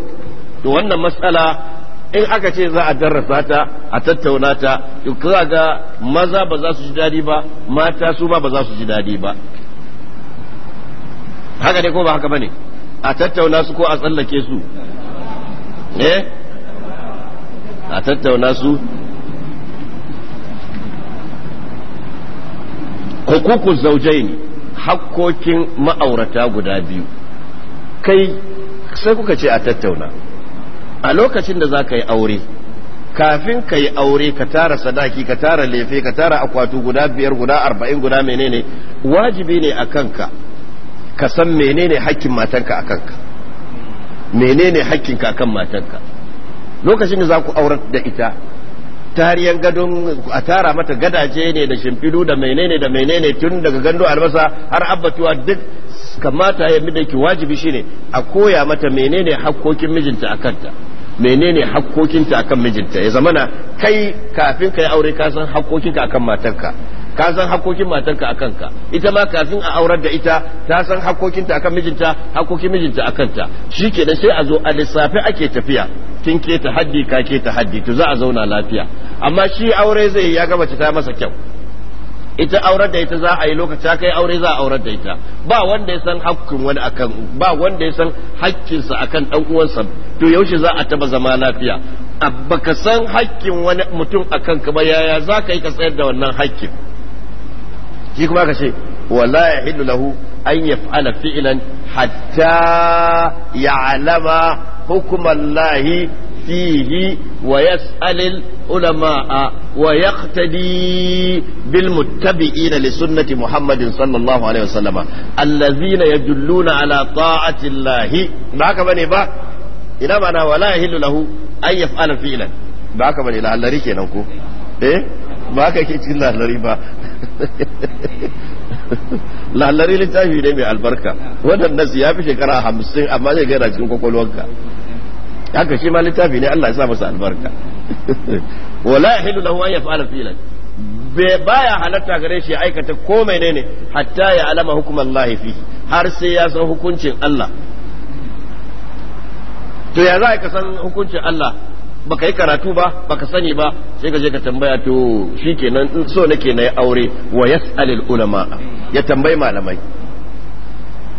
to wannan matsala in aka ce za a darrasa ta a tattauna ta za ga maza ba za su ji daɗi ba mata su ba ba za su ji daɗi ba haka ne ko ba haka bane a tattauna su ko a tsallake su eh a tattauna su zaujai zaujaini hakkokin ma'aurata guda biyu kai sai kuka ce a tattauna a lokacin da za ka yi aure kafin ka yi aure ka tara sadaki ka tara lefe ka tara akwatu guda biyar guda arba'in guda menene wajibi ne a kanka ka san menene hakkin matanka a kanka menene hakkinka akan matanka lokacin da za ku aurar da ita tariyan gadon a tara mata gadaje ne da shimfidu da menene da menene tun daga gando albasa har abbatuwa duk kamata ya da ki wajibi shine a koya mata menene hakkokin mijinta a kanta menene hakkokinta akan mijinta ya zamana kai kafin ka yi aure ka san hakkokinka akan matarka ka san hakkokin matarka akan ka ita ma kafin a aurar da ita ta san hakkokinta akan mijinta hakkokin mijinta akan ta shikenan sai a zo a lissafi ake tafiya kin ke ta haddi ka ke ta haddi to za a zauna lafiya amma shi aure zai ya ga ta masa kyau ita aurar da ita za a yi lokaci kai aure za a aurar da ita ba wanda ya san hakkin wani akan ba wanda ya san hakkinsa akan dan uwansa to yaushe za a taba zama lafiya baka san hakkin wani mutum akan ka ba yaya za ka yi ka tsayar da wannan hakkin shi kuma ka ce wala ya hillu lahu an yaf'ala fi'lan hatta ya'lama hukumallahi فيه ويسأل العلماء ويقتدي بالمتبعين لسنة محمد صلى الله عليه وسلم الذين يدلون على طاعة الله معك بني با إلى معنى ولا يهل له أن يفعل فعلا معك بني لا الله ريكي نوكو إيه معك كي تلا الله lalari littafi ne mai albarka wannan nasi ya fi shekara hamsin amma zai gaira cikin kwakwalwanka haka shi ma littafi ne Allah ya sa masa albarka wala yahilu lahu an yaf'ala filan baya halatta gare shi aikata ko menene hatta ya alama hukum Allah fi har sai ya san hukuncin Allah to ya za ka san hukuncin Allah baka yi karatu ba baka sani ba sai ka je ka tambaya to shikenan in so nake na yi aure wa yas'alil ulama ya tambayi malamai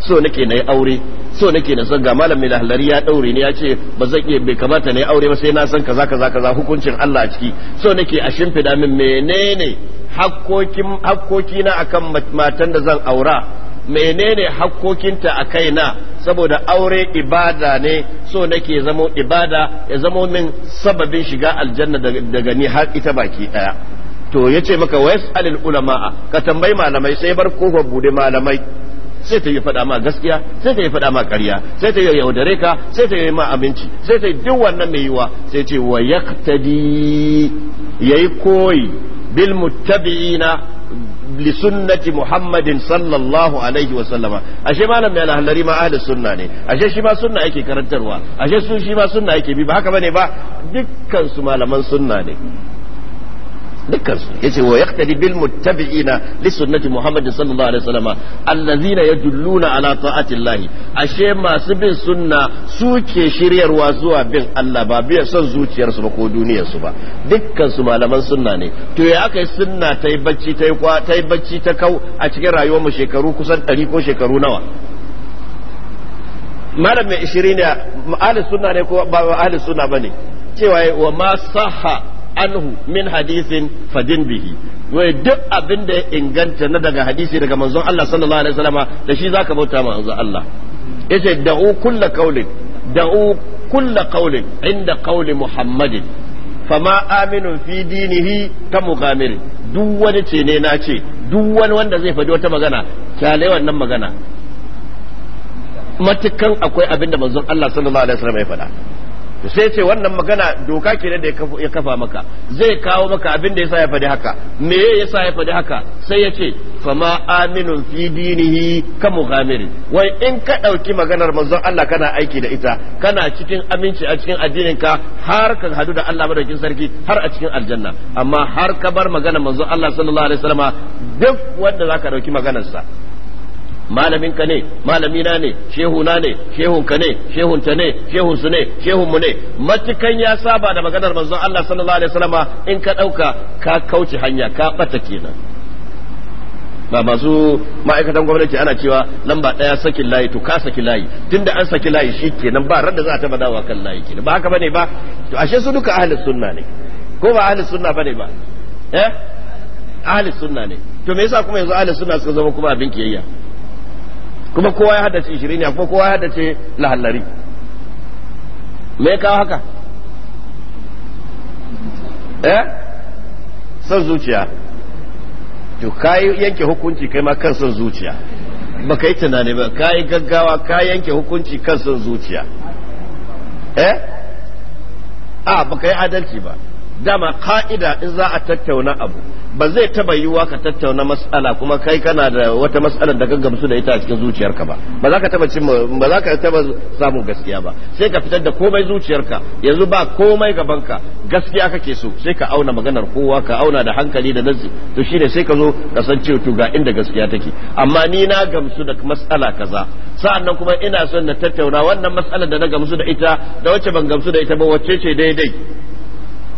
so nake na yi aure so nake na san ga malam mai lahlari ya daure ne ya ce ba zan iya bai kamata ne aure ba sai na san kaza kaza kaza hukuncin Allah a ciki so nake a shimfida min menene hakkokin na akan matan da zan aura menene hakkokinta a kaina saboda aure ibada ne so nake zamo ibada ya zamo min sababin shiga aljanna daga ni har ita baki daya to yace maka wayas alil ulama ka tambayi malamai sai bar kofar bude malamai sai ta yi faɗa ma gaskiya sai ta yi faɗa ma karya sai ta yi yaudare ka sai ta yi ma abinci sai ta yi duk wannan mai yiwa sai ce wa ya tadi ya yi koyi bil muttabi'ina li sunnati muhammadin sallallahu alaihi wa sallama ashe malam mai alhalari ma ahli sunna ne ashe shi ma sunna karantarwa ashe su shi ma bi ba haka bane ba dukkan su malaman sunna ne dukkansu yace wa yaqtadi bil muttabi'ina li sunnati muhammadin sallallahu alaihi wasallam allazina yadulluna ala ta'ati allah ashe masu bin sunna suke shiryarwa zuwa bin Allah ba biya son zuciyarsu ba ko duniyarsu ba dukkansu malaman sunna ne to ya aka yi sunna ta yi bacci ta yi kwa ta yi bacci ta kau a cikin rayuwar mu shekaru kusan 100 ko shekaru nawa malam mai ishirin ne ahli sunna ne ko ba ahli sunna bane cewa wa ma sahha anhu min hadisin fadin bihi wai duk abin da ya inganta na daga hadisi daga manzon Allah sallallahu alaihi wasallama da shi zaka bauta manzon Allah yace da'u kullu qaulin da'u kullu qaulin inda qauli muhammadin fama aminun fi dinihi ta mugamin duk wani ce ne na ce duk wani wanda zai faɗi wata magana kyale wannan magana matukan akwai abin da manzon Allah sallallahu alaihi wasallama ya faɗa sai ce wannan magana doka ke da ya kafa maka zai kawo maka abin da yasa ya faɗi haka me yasa ya fadi haka sai ya ce fama aminun fi dinihi ka muhammirin wai in ka ɗauki maganar manzon Allah kana aiki da ita kana cikin aminci a cikin addinin ka har ka hadu da Allah madaukin sarki har a cikin aljanna amma har ka bar maganar manzon Allah sallallahu alaihi wasallama duk wanda zaka ɗauki maganarsa malamin ka ne malamina ne shehuna ne shehun ka ne shehun ta ne shehun su ne shehun mu ne matukan ya saba da maganar manzon Allah sallallahu alaihi wasallama in ka dauka ka kauce hanya ka bata kenan ba masu ma'aikatan gwamnati ana cewa lamba ɗaya sakin layi to ka saki layi tunda an saki layi shi kenan ba ran da za a taba dawowa kan layi kenan ba haka bane ba to ashe su duka ahlus sunna ne ko ba ahlus sunna bane ba eh ahlus sunna ne to me yasa kuma yanzu ahlus sunna suka zama kuma abin kiyayya kuma kowa ya haddace ishiriniya kuma kowa ya haddace lahallari me ya kawo haka eh son zuciya to kayi yanke hukunci kai ma kan son zuciya ba yi tunani ba kayi gaggawa ka yanke hukunci kan son zuciya eh a ah, baka yi adalci ba dama ka'ida in za a tattauna abu ba zai taba yiwuwa ka tattauna mas'ala kuma kai kana da wata mas'ala da ka gamsu da ita a cikin zuciyarka ba ba za ka taba cin ba za ka taba samun gaskiya ba sai ka fitar da komai zuciyarka yanzu ba komai gaban ka gaskiya kake so sai ka auna maganar kowa ka auna da hankali da nazi to shine sai ka zo ka san cewa to ga inda gaskiya take amma ni na gamsu da mas'ala kaza sa'annan kuma ina son na tattauna wannan mas'alar da na gamsu da ita da wacce ban gamsu da ita ba wacce ce daidai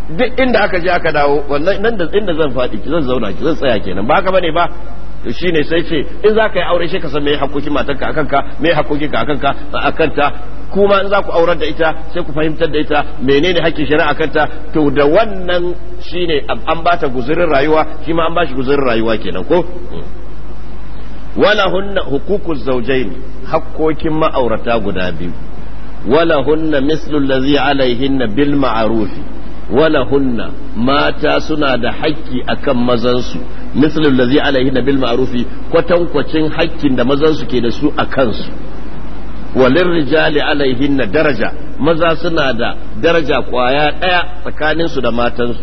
duk inda aka je aka dawo wannan nan da inda zan faɗi ki zan zauna ki zan tsaya kenan ba haka bane ba to shine sai ce in za ka yi aure shi ka san me hakoki matarka akan ka me hakoki ka akan ka akan ta kuma in za ku aurar da ita sai ku fahimtar da ita menene hakkin shari'a akan ta to da wannan shine an ba ta guzurin rayuwa shi ma an ba shi guzurin rayuwa kenan ko wala hunna huququ zawjayn hakkokin ma'aurata guda biyu wala hunna mislu allazi alaihinna bil ma'ruf hunna mata suna da hakki akan mazansu mislul ladzi alaihinna bil ma'rufi kwatankwacin hakkin da mazansu ke da su a su. walin rijali na daraja maza suna da daraja kwaya daya tsakaninsu da matansu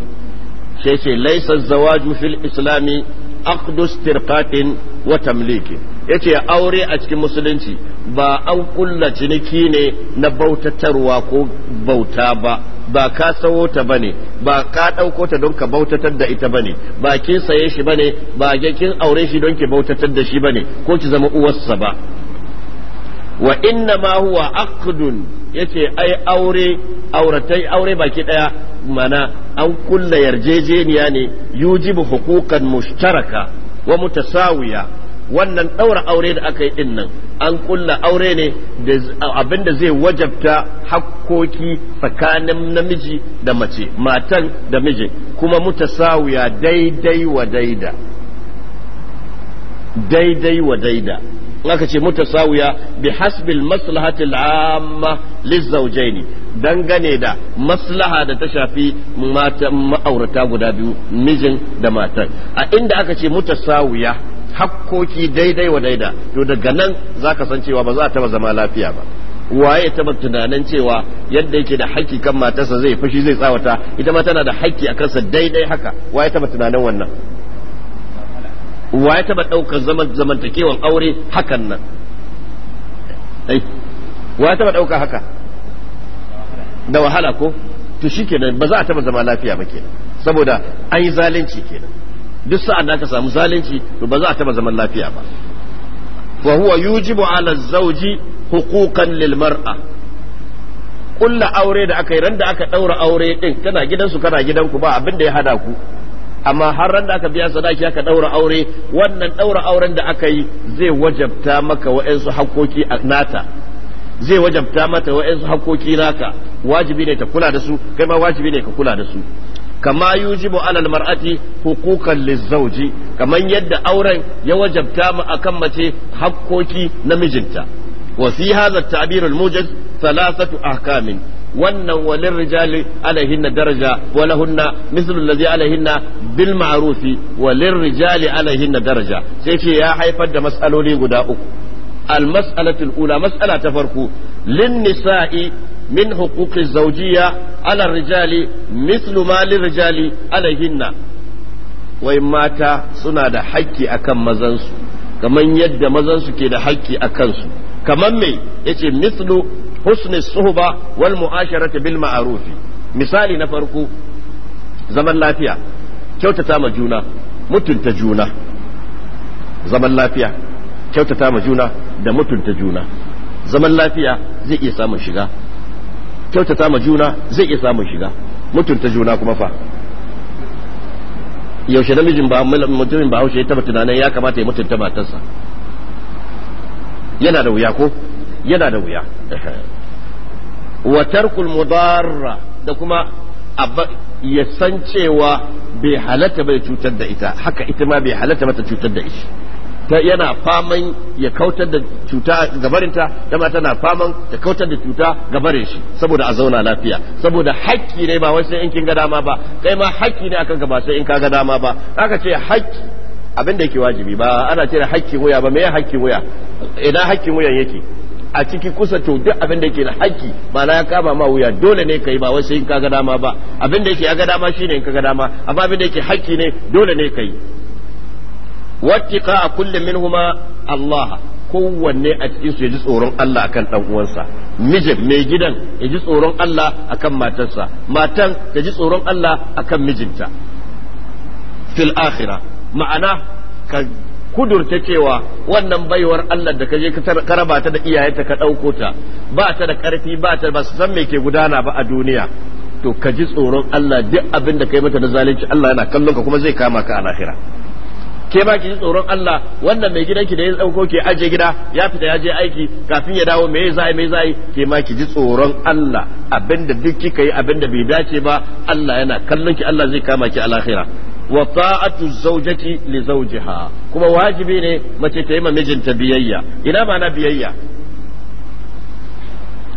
sai ce laisa zawaju fil islami aqdu watan wa tamlikin yace aure a cikin musulunci ba an kulla ciniki ne na bautatarwa ko bauta ba ba ka sawo ta bane ba ka ɗauko ta don ka bautatar da ita bane ba kin saye shi bane ba kin aure shi don ki bautatar da shi bane ko ki zama uwarsa ba wa inna ma huwa aqdun yace ai aure auratai aure baki daya mana an kulla yarjejeniya ne yujibu huquqan mushtaraka wa mutasawiya wannan ɗaura aure da aka yi ɗin nan an kulla aure ne abinda zai wajabta hakkoki tsakanin namiji da mace matan da mijin kuma mutasawiya daidai wa daida daidai wa daida aka ce mutasawiya bi hasbil maslahatil amma ne. dangane da maslaha da ta shafi mata ma'aurata guda biyu mijin da matan a inda aka ce mutasawiya hakkoki daidai wa daida to daga nan zaka san cewa ba za a taba zama lafiya ba waye taba tunanin cewa yadda yake da haƙƙi kan matarsa zai fashi zai tsawata ita ma tana da haƙƙi a kansa daidai haka waye taba tunanin wannan waye taba daukar zaman zamantakewan aure hakan nan ai eh, waye taba ɗauka haka da wahala ko to shikenan ba za a taba zama lafiya ba kenan saboda an yi zalunci kenan duk sa'an da aka samu zalunci to ba za a taba zaman lafiya ba wa huwa yujibu ala zawji huquqan lil mar'a kulla aure da aka yi ran da aka daura aure din kana gidansu kana gidanku ba abin da ya hada ku amma har ran da aka biya sadaki aka daura aure wannan daura auren da aka yi zai wajabta maka wa'ansu hakoki a nata zai wajabta mata wa'ansu hakoki naka wajibi ne ta kula da su kai ma wajibi ne ka kula da su kama yujibu alal mar'ati huquqan lizawji kaman yadda auren ya wajabta mu akan mace hakkoki na mijinta wa fi hadha at-ta'bir al-mujaz thalathatu ahkamin wannan walin rijali alaihinna daraja wa lahunna mislu allazi alaihinna bil ma'rufi walin rijali alaihinna daraja sai ce ya haifar da mas'aloli guda uku al mas'alatul ula mas'ala ta farko lin nisa'i min huquqi zaujiya ala rijali mislu ma rijali alaihinna wai mata suna da haƙƙi akan mazansu kamar yadda mazansu ke da haƙƙi a kansu kamar me yace mislu husni suhba wal mu'asharati bil ma'rufi misali na farko zaman lafiya kyautata ma juna mutunta juna zaman lafiya kyautata ma juna da mutunta juna zaman lafiya zai iya samun shiga kyautata ma juna zai iya samun shiga mutunta juna kuma fa yaushe namijin ba mutumin ba haushe ya taba tunanin ya kamata ya mutunta matarsa yana da wuya ko yana da wuya wa tarkul mudarra da kuma ya san cewa bai halatta bai cutar da ita haka ita ma bai halatta mata cutar da ita. ta yana faman ya kautar da cuta gabarinta dama tana faman ta kautar da cuta gabarin shi saboda a zauna lafiya saboda haƙƙi ne ba wasu in kin ga dama ba kai ma haƙƙi ne akan ka ba sai in ka ga dama ba aka ce haƙƙi abin da yake wajibi ba ana ce da wuya ba me ya haƙƙin wuya idan hakkin wuya yake a ciki kusa to duk abin da yake da haƙƙi ba na ya kama ma wuya dole ne kai ba wasu in ka ga dama ba abin da yake ya ga dama shine in ka ga dama amma abin da yake haƙƙi ne dole ne kai wattiqa kullu huma. Allah kowanne a cikin su ya ji tsoron Allah akan dan uwansa mijin mai gidan ya ji tsoron Allah akan matarsa matan ta ji tsoron Allah akan mijinta fil akhirah ma'ana ka kudurta cewa wannan baiwar Allah da kaje ka raba ta da iyayenta ka ɗaukota, ta ba ta da karfi ba ta ba su san me ke gudana ba a duniya to ka ji tsoron Allah duk abin da kai mata na zalunci Allah yana kallon ka kuma zai kama ka a lahira ke ba ki ji tsoron Allah wannan mai ki da ya dauko ke aje gida ya fita ya je aiki kafin ya dawo me zai me zai ke ma ki ji tsoron Allah abinda duk kika yi abinda bai dace ba Allah yana kallon ki Allah zai kama ki lahira wa ta'atu zawjati li zawjiha kuma wajibi ne mace ta yi ma mijinta biyayya ina ma na biyayya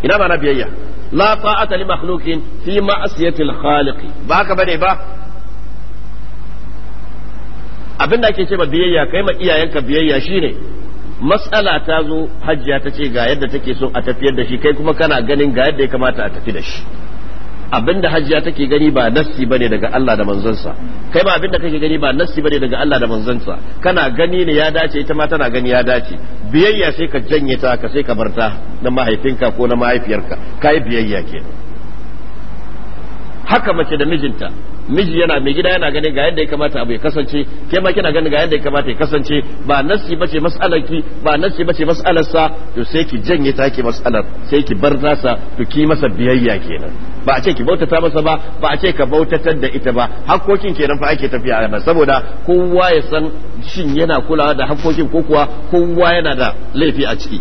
ina ma na biyayya la ta'ata li makhluqin fi ma'siyati al-khaliq ba ka bane ba abin da ake ce ma biyayya kai ma iyayenka biyayya shine matsala ta zo hajjiya ta ce ga yadda take so a tafiyar da shi kai kuma kana ganin ga yadda ya kamata a tafi da shi abin da hajjiya take gani ba nassi bane daga Allah da manzansa kai ba abin da kake gani ba nassi bane daga Allah da manzansa kana gani ne ya dace ita ma tana gani ya dace biyayya sai ka janye ta ka sai ka barta na mahaifinka ko na mahaifiyarka kai biyayya kenan haka mace da mijinta miji yana mai gida yana ganin ga yadda ya kamata abu ya kasance ke ma kina ganin ga yadda ya kamata ya kasance ba nasi bace mas'alar ki ba nasi bace mas'alar sa to sai ki janye ta ki mas'alar sai ki bar nasa to ki masa biyayya kenan ba a ce ki bautata masa ba ba a ce ka bautatar da ita ba hakkokin kenan fa ake tafiya a nan saboda kowa ya san shin yana kulawa da hakkokin ko kuwa kowa yana da laifi a ciki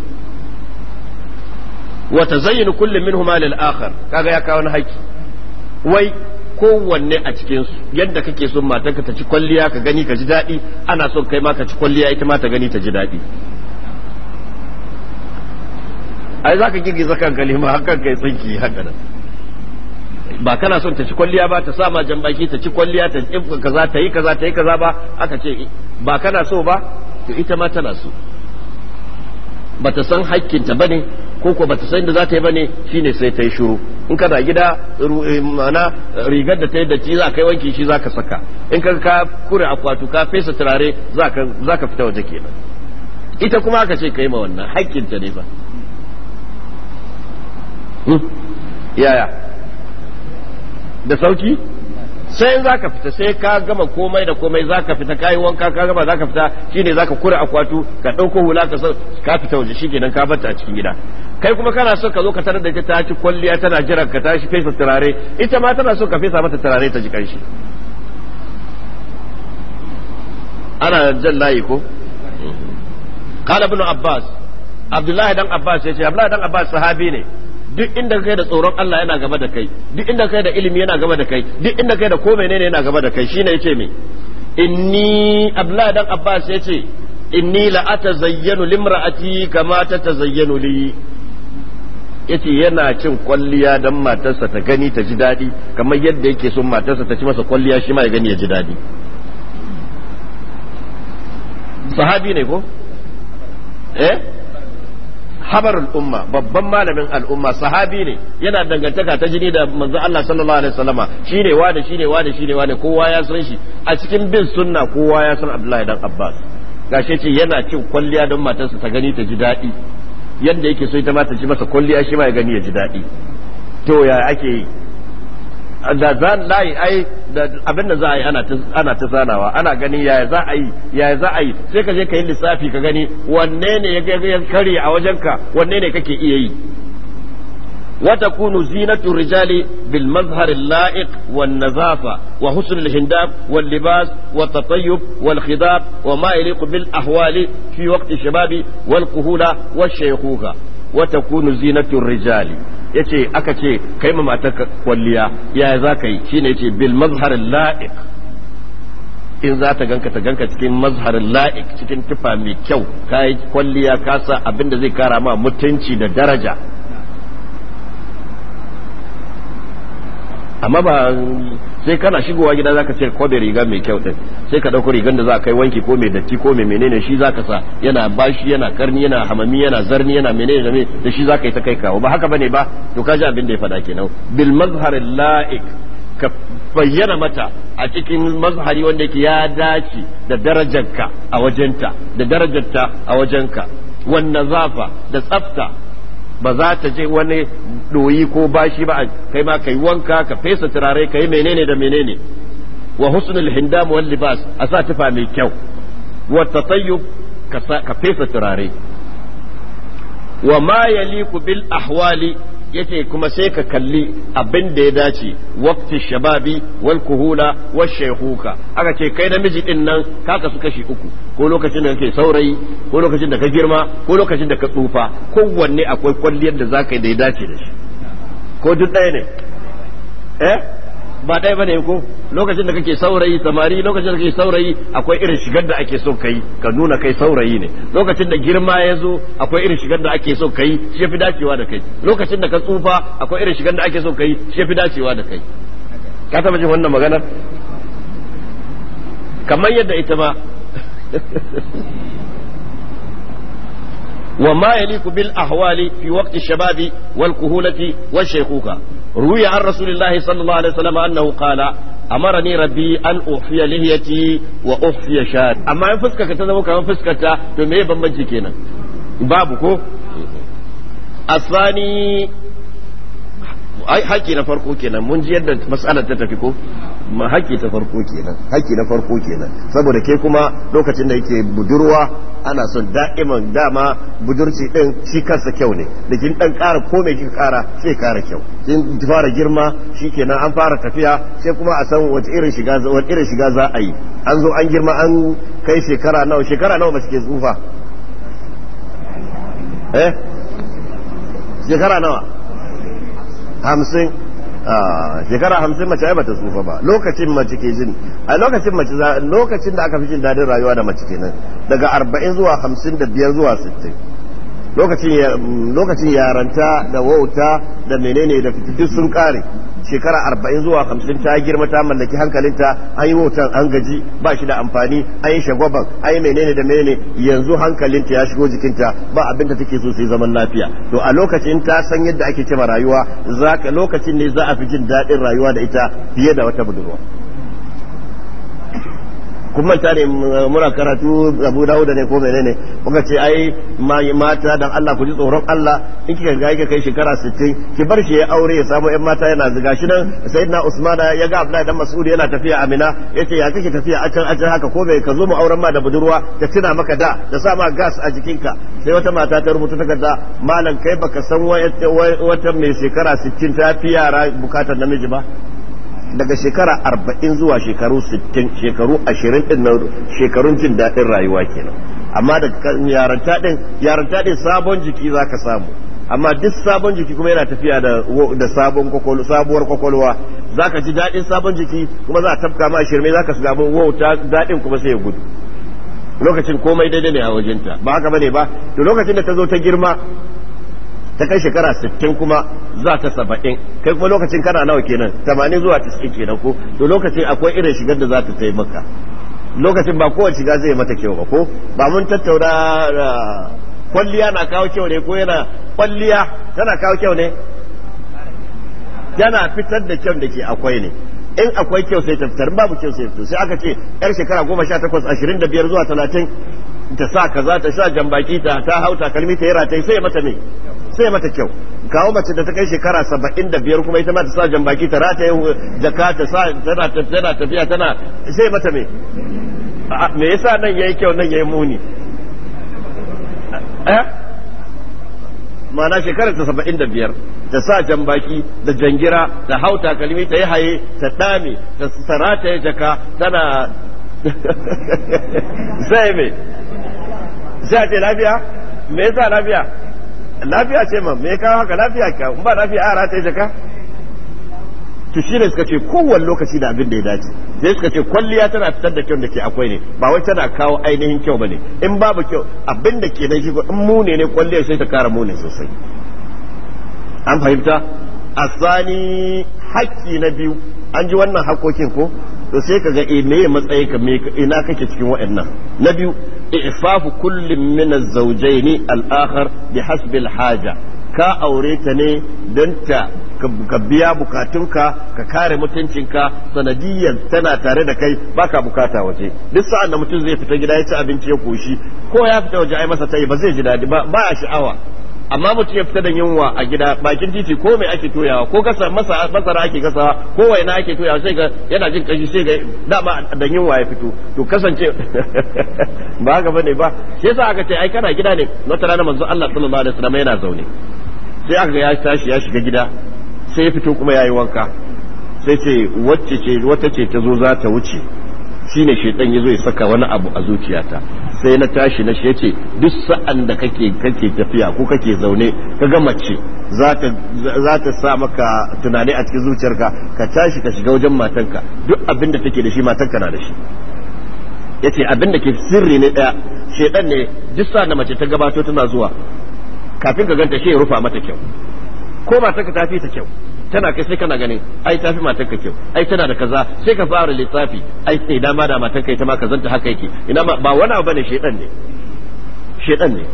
wa tazayyinu kullum minhuma lil akhar kaga ya kawo wani haƙƙi wai kowanne a cikin su yadda kake son matanka ta ci kwalliya ka gani ka ji daɗi ana son kai ma ka ci kwalliya ita ma ta gani ta ji daɗi ai za ka girgiza kanka lima hakan kai tsinki haka nan ba kana son ta ci kwalliya ba ta sama jan baki ta ci kwalliya ta ci kaza ta yi kaza ta yi kaza ba aka ce ba kana so ba to ita ma tana so bata san hakkinta bane ko ko bata san da za ta yi bane shine sai ta yi shiru in kana gida eh, mana rigar da ta yi da ci za ka yi wanki shi za ka saka in ka ka kure akwatu ka fesa turare za ka fita waje kenan ita kuma aka ce ka yi ma wannan ta ne ba hmm? yaya da sauki sai in zaka fita sai ka gama komai da komai zaka fita kayi wanka ka gama zaka fita shine zaka kura akwatu ka dauko hula ka ka fita waje shikenan ka barta a cikin gida kai kuma kana so ka zo ka tarar da ita ta ci kwalliya tana jiran ka tashi fesa turare ita ma tana so ka fesa mata turare ta ji kanshi ana jan layi ko قال ابن عباس عبد الله بن عباس يا شيخ عبد الله بن عباس صحابي ne duk inda kai da tsoron Allah yana gaba da kai duk inda kai da ilimi yana gaba da kai duk inda kai da ko menene yana gaba da kai shine yace me inni abla dan abbas yace inni la atazayyanu limra'ati kama tatazayyanu li yace yana cin kwalliya dan matarsa ta gani ta ji dadi kamar yadda yake son matarsa ta ci masa kwalliya shi ma ya gani ya ji dadi sahabi ne ko eh habarul umma babban malamin al'umma sahabi ne yana dangantaka ta jini da manzo Allah sallallahu alaihi wasallama shine da shine da shine ne kowa ya san shi a cikin bin sunna kowa ya san Abdullahi dan Abbas gashi ce yana cin kwalliya don matarsa ta gani ta ji daɗi yadda yake so ita ma ta ci masa kwalliya shi ma ya gani ya ji daɗi to ya ake yi da za a yi ai da abinda za a yi ana ta zanawa ana gani yaya za a yi yaya za a yi sai ka je ka yi lissafi ka gani wanne ne ya kare a wajenka wanne ne kake iya yi wata kunu zinatu rijali bil mazhar la'iq wan nazafa wa husn al hindab wal libas wa tatayyub wal khidab wa ma yaliqu bil ahwali fi waqti shababi wal quhula wash shaykhuka wa takunu zinatu rijali ya ce aka ce kai ma matar kwalliya yaya za ka yi shine ce bil mazharin la'iq in za ta ganka ta ganka cikin mazharin la'iq cikin tufa mai kyau ka yi kwalliya ka sa abin da zai kara ma mutunci da daraja amma ba sai kana shigowa gida zaka ce kwabe riga mai kyau din sai ka dauko rigan da za kai wanki ko mai datti ko mai menene shi zaka sa yana bashi yana karni yana hamami yana zarni yana menene da da shi zaka yi ta kai kawo ba haka bane ba to ji abin da ya faɗa kenan bil mazhar la'ik ka bayyana mata a cikin mazhari wanda yake ya dace da darajarka a wajenta da darajarta a wajenka wannan zafa da tsafta ba za ta je wani doyi ko bashi ba kai ma kai wanka ka fesa turare kai menene da menene wa husnul hindam wal libas a sa tufa mai kyau wa tatayyub ka fesa turare wa ma yaliku bil ahwali yace kuma sai ka kalli abin da ya dace waqti shababi wal kuhula wal shaykhuka aka ce kai namiji din nan ka kasu kashi uku ko lokacin da kake saurayi ko lokacin da ka girma ko lokacin da ka tsufa kowanne akwai kwalliyar da zaka yi da ya dace da shi ko duk ɗaya ne eh ba ɗaya bane ko lokacin da kake saurayi samari lokacin da kake saurayi akwai irin shigar da ake so kai ka nuna kai saurayi ne lokacin da girma ya zo akwai irin shigar da ake so kai shi yafi dacewa da kai lokacin da ka tsufa akwai irin shigar da ake so kai shi yafi dacewa da kai ka taɓa jin wannan maganar kamar yadda ita ma ahwali fi waqti shababi wal kuhulati والكهولة shaykhuka ruwiya an rasulillahi sallallahu alaihi wasallam annahu qala amarani rabbi an ufiya lihiyati wa ufiya shar amma an fuskaka ta zama kamar fuskarta to me bambanci kenan babu ko asani ai farko kenan mun ji yadda mas'alar ta tafi ko ma haƙƙi farko kenan haƙƙi farko kenan saboda ke kuma lokacin da yake budurwa ana son da'iman dama budurci din shi kansa kyau ne da kin dan ƙara ko mai kin ƙara sai ƙara kyau kin fara girma shikenan an fara tafiya sai kuma a san wata irin shiga wata irin shiga za a yi an zo an girma an kai shekara nawa shekara nawa ba ke tsufa eh shekara nawa hamsin Ah, shekara hamsin mace ai bata tsufa ba lokacin mace ke jin a lokacin mace lokacin da aka fi jin dadin rayuwa da mace kenan daga arba'in zuwa hamsin da biyar zuwa sittin lokacin mm, yaranta da wauta da menene da fitattun sun kare shekara arba'in zuwa hamsin ta girma ta mallaki hankalinta an yi wautan an gaji ba shi da amfani an yi shagwaban an yi menene da menene yanzu hankalinta ya shigo jikinta ba abinda take so sai zaman lafiya to a lokacin ta san yadda ake cewa rayuwa lokacin ne za a fi jin daɗin rayuwa da ita fiye da wata budurwa kun manta ne muna karatu abu dawuda ne ko mene ne kuka ce ai mata dan Allah ku ji tsoron Allah in kika ga kika kai shekara 60 ki bar shi ya aure ya samu yan mata yana ziga shi nan sayyidina Usman ya ga Abdullahi dan Mas'ud yana tafiya Amina yace ya kake tafiya a can a can haka ko bai ka zo mu auren ma da budurwa ta tuna maka da da sa ma gas a jikinka sai wata mata ta rubuta da malam kai baka san wata mai shekara 60 ta fi yara bukatar namiji ba daga shekara arba'in zuwa shekaru sittin shekaru ashirin din nan shekarun jin daɗin rayuwa kenan amma da yaranta taɗin yaranta sabon jiki za ka samu amma duk sabon jiki kuma yana tafiya da da sabon Za sabuwar kokolwa ji daɗin sabon jiki kuma za a tafka ma shirme za ka samu wauta daɗin kuma sai ya gudu lokacin komai daidai ne a wajenta ba haka bane ba to lokacin da ta zo ta girma ta kai shekara 60 kuma za ta 70 kai kuma lokacin kana nawa kenan 80 zuwa 90 kenan ko to lokacin akwai irin shigar da za ta taimaka lokacin ba kowace shiga zai mata kyau ba ko ba mun tattauna ah, kwalliya na kawo kyau ne ko yana kwalliya tana kawo kyau ne yana fitar da kyau da ke akwai ne in akwai kyau sai ta fitar babu kyau sai fito sai aka ce yar shekara goma sha takwas ashirin da biyar zuwa talatin ta sa kaza ta sha jambaki ta ta hau takalmi ta yi ratai sai mata ne. sai mata kyau kawo mace da ta kai shekara saba'in da biyar kuma ita ma ta sa jan baki ta rataye uh, jaka ta sa tana tafiya tana sai mata me me yasa nan yayi kyau nan yayi muni eh Ma'ana shekarar ta saba'in da biyar ta sa jan baki da jangira da hauta kalmi ta yi haye ta dame ta sarata ya jaka tana sai me sai a ce lafiya me yasa lafiya lafiya ce ma me kawo haka lafiya ka ba lafiya ara ta jaka to shi ne suka ce kowane lokaci da abin da ya dace sai suka ce kwalliya tana fitar da kyau da ke akwai ne ba wai tana kawo ainihin kyau ba ne in babu kyau abin da ke nan shi in mune ne kwalliya sai ta kara mune sosai an fahimta a asani haƙƙi na biyu an ji wannan haƙƙokin ko to sai ka ga e me matsayi ka me ina kake cikin waɗannan na biyu إعفاف كل من الزوجين الآخر بحسب الحاجة ka aure ta ne don ta ka biya bukatunka ka kare mutuncinka sanadiyyar tana tare da kai baka bukata waje duk sa'an da mutum zai fita gida ya ci abinci ya koshi ko ya fita waje ai masa tayi ba zai ji dadi ba ba a sha'awa amma mutum ya fita da yunwa a gida bakin titi ko mai ake toyawa ko gasa masa masara ake gasawa ko waina ake toyawa sai ga yana jin kashi sai ga dama da yunwa ya fito to kasance ba haka bane ba sai sa aka ce ai kana gida ne wata rana manzo Allah sallallahu alaihi wasallam yana zaune sai aka ga ya tashi ya shiga gida sai ya fito kuma yayi wanka sai ce wacce ce wata ce ta zo za ta wuce shine shaitan yazo ya saka wani abu a zuciyata sai na tashi na shi yace duk sa'an da kake kake tafiya ko kake zaune ka mace za ta za ta sa maka tunani a cikin zuciyarka ka tashi ka shiga wajen matanka duk abin da take da shi matanka na da shi yace abin da ke sirri ne daya shaitan ne duk sa'an da mace ta gabato tana zuwa kafin ka ganta shi ya rufa mata kyau ko matanka ta fi ta kyau tana kai sai kana ganin ai tafi matanka kyau ai tana da kaza sai ka fara littafi ai sai dama da matanka ita ma kazanta haka yake ina ba wani abu bane shedan ne shedan ne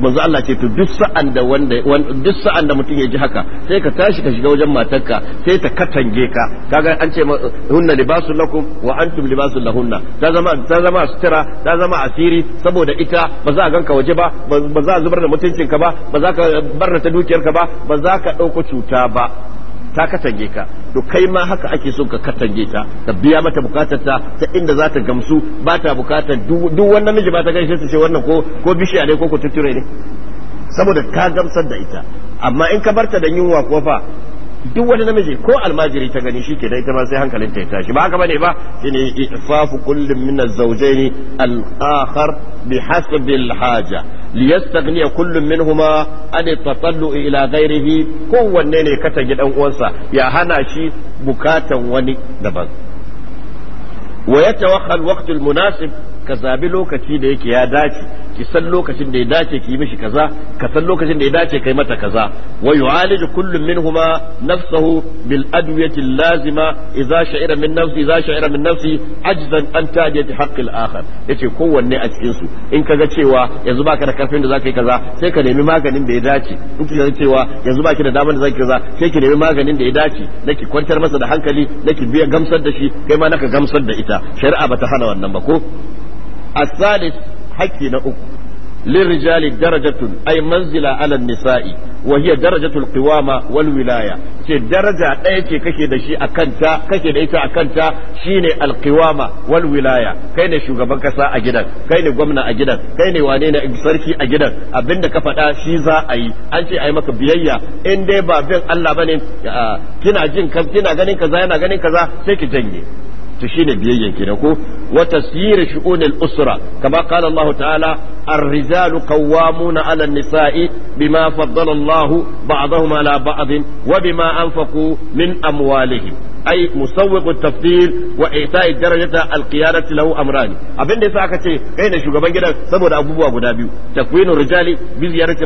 manzo Allah ce to duk sa'an da wanda duk sa'an da mutum ya ji haka sai ka tashi ka shiga wajen matarka sai ta katange ka kaga an ce hunna libasul lakum wa antum libasul lahunna ta zama ta zama sutura ta zama asiri saboda ita ba za a ganka waje ba ba za a zubar da mutuncinka ba ba za ka barna ta dukiyarka ba ba za ka dauko cuta ba ta katange ka to kai ma haka ake so ka katange ta ka biya mata bukatar ta ta inda za ta gamsu ba ta bukatar duk wannan miji ba ta gaishe ta ce wannan ko ko bishiya ne ko ko ne saboda ka gamsar da ita amma in ka barta da yunwa ko fa duk wani namiji ko almajiri ta gani shi ke da ita ma sai hankalin ta ya tashi ba haka bane ba shine ifafu kullum min az-zawjayn al-akhar bi hasbi al-haja liyastaghniya kullum minhuma an tatallu ila ghairihi kowanne ne katange dan uwansa ya hana shi bukatan wani daban waya yatawakhal waqtul munasib ka zabi lokaci da yake ya dace ki san lokacin da ya dace ki yi mishi kaza ka san lokacin da ya dace kai mata kaza wa yu'aliju kullun minhuma nafsahu bil adwiyati lazima idza sha'ira min nafsi idza sha'ira min nafsi ajzan an tadiyati haqqil akhar yace kowanne a cikin su in kaga cewa yanzu baka da karfin da zaka yi kaza sai ka nemi maganin da ya dace in kika cewa yanzu baki da damar da zaki kaza sai ki nemi maganin da ya dace naki kwantar masa da hankali naki biya gamsar da shi kai ma naka gamsar da ita shari'a bata hana wannan ba ko الثالث حكي نأك للرجال درجة أي منزلة nisa'i النساء وهي درجة القوامة والولاية ce daraja ɗaya ce kake da shi a kanta kake da ita a kanta shine alkiwama wal wilaya kai ne shugaban kasa a gidan kai ne gwamna a gidan kai ne wane sarki a gidan abinda ka faɗa shi za a yi an ce a yi maka biyayya in dai ba bin Allah bane kina jin kina ganin kaza yana ganin kaza sai ki janye to shine biyayyan kenan ko wa tasyir shu'unil usra kama qala Allah ta'ala ar-rijalu qawwamuna 'ala an-nisa'i bima faddala Allah ba'dahum 'ala ba'd wa bima anfaqu min amwalihim ai musawwiq at-tafdil wa i'ta'i darajata al-qiyadati lahu amrani abinda yasa aka ce kai ne shugaban gidan saboda abubuwa guda biyu takwinu rijali bi ziyarati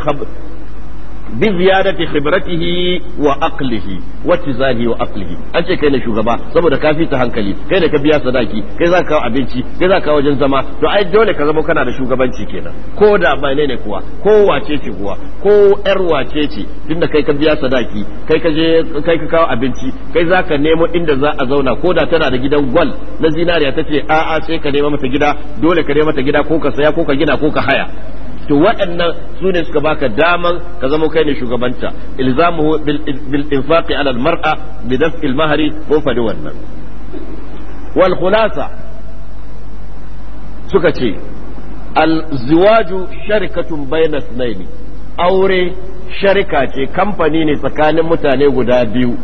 bi ziyadati khibratihi wa aqlihi wa tizahi wa aqlihi an ce kai ne shugaba saboda ka ta hankali kai ne ka biya sadaki kai za ka kawo abinci kai za kawo wajen zama to ai dole ka zama kana da shugabanci kenan ko da ba ne ne kuwa ko wace ce kuwa ko yar wace ce tunda kai ka biya sadaki kai ka je kai ka kawo abinci kai za ka nemo inda za a zauna ko da tana da gidan gwal na zinariya tace a'a sai ka nema mata gida dole ka nema mata gida ko ka saya ko ka gina ko ka haya to waɗannan su ne suka baka damar ka zama kai ne shugabanta ilzamuhu bil infaqi ala al mar'a bi daf'il mahari mun fadi wannan wal khulasa suka ce al ziwaju sharikatun bayna ithnaini aure sharika ce kamfani ne tsakanin mutane guda biyu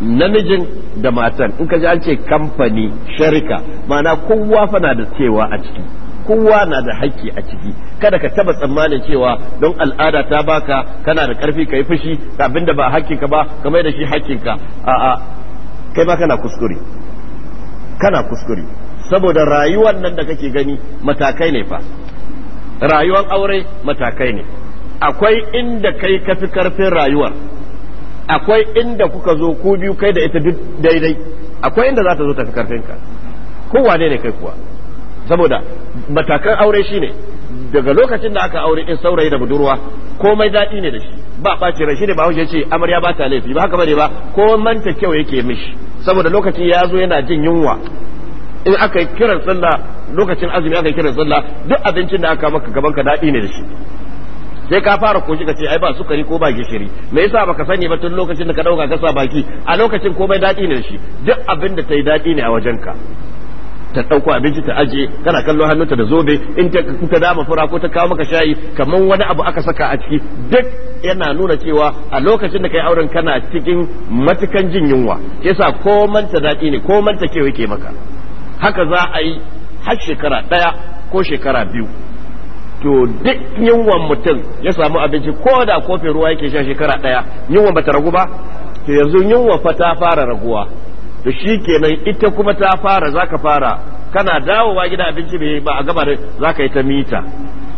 namijin da matan in ka ji an ce kamfani sharika ma'ana kowa fa na da cewa a ciki kowa na da haƙƙi a ciki kada ka taba tsammanin cewa don al'ada ta baka kana da karfi ka yi fushi abinda ba ka ba ka mai da shi hakkinka a'a kai ma kana kuskure kana kuskure saboda rayuwar nan da kake gani matakai ne fa rayuwar aure matakai ne akwai inda kai ka fi karfin rayuwar akwai inda kuka zo ku biyu kai da ita duk daidai akwai inda za ta zo ta fi ka. kowa ne ne kai kuwa saboda matakan aure shine daga lokacin da aka aure in saurayi da budurwa komai daɗi ne da shi ba ɓaci rai shi ne ba hujja ce amarya ba ta laifi ba haka bane ba ko manta kyau yake mishi saboda lokaci ya zo yana jin yunwa in aka yi kiran tsalla lokacin azumi aka yi kiran tsalla duk abincin da aka maka gaban ka daɗi ne da shi sai ka fara koshi ka ce ai ba sukari ko ba gishiri me yasa baka sani ba tun lokacin da ka dauka ka sa baki a lokacin komai daɗi ne da shi duk abin da ta yi daɗi ne a wajenka ta ɗauko abinci ta ajiye kana kallon hannunta da zobe in ta kuka dama fura ko ta kawo maka shayi kamar wani abu aka saka a ciki duk yana nuna cewa a lokacin da kai auren kana cikin matukan jin yunwa yasa ko manta daɗi ne ko manta kewa ke maka haka za a yi har shekara ɗaya ko shekara biyu to duk yunwan mutum ya samu abinci ko da kofin ruwa yake sha shekara ɗaya yunwan bata ragu ba to yanzu yunwa fa ta fara raguwa to shi kenan ita kuma ta fara zaka fara kana dawowa gida abinci bai ba a gaba zaka yi ta mita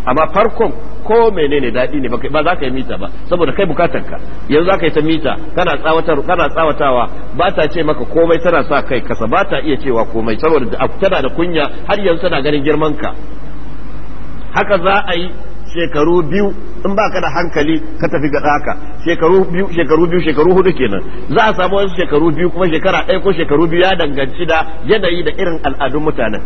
amma farkon ko menene daɗi ne ba za ka yi mita ba saboda kai bukatar ka yanzu za ka yi ta mita kana tsawatar kana tsawatawa ba ta ce maka komai tana sa kai kasa ba ta iya cewa komai saboda tana da kunya har yanzu tana ganin girman ka haka za a yi shekaru biyu in baka da hankali ka tafi ga haka shekaru biyu shekaru biyu shekaru hudu kenan za a samu wasu shekaru biyu kuma shekara ɗaya ko shekaru biyu ya danganci da yanayi da irin al'adun mutanen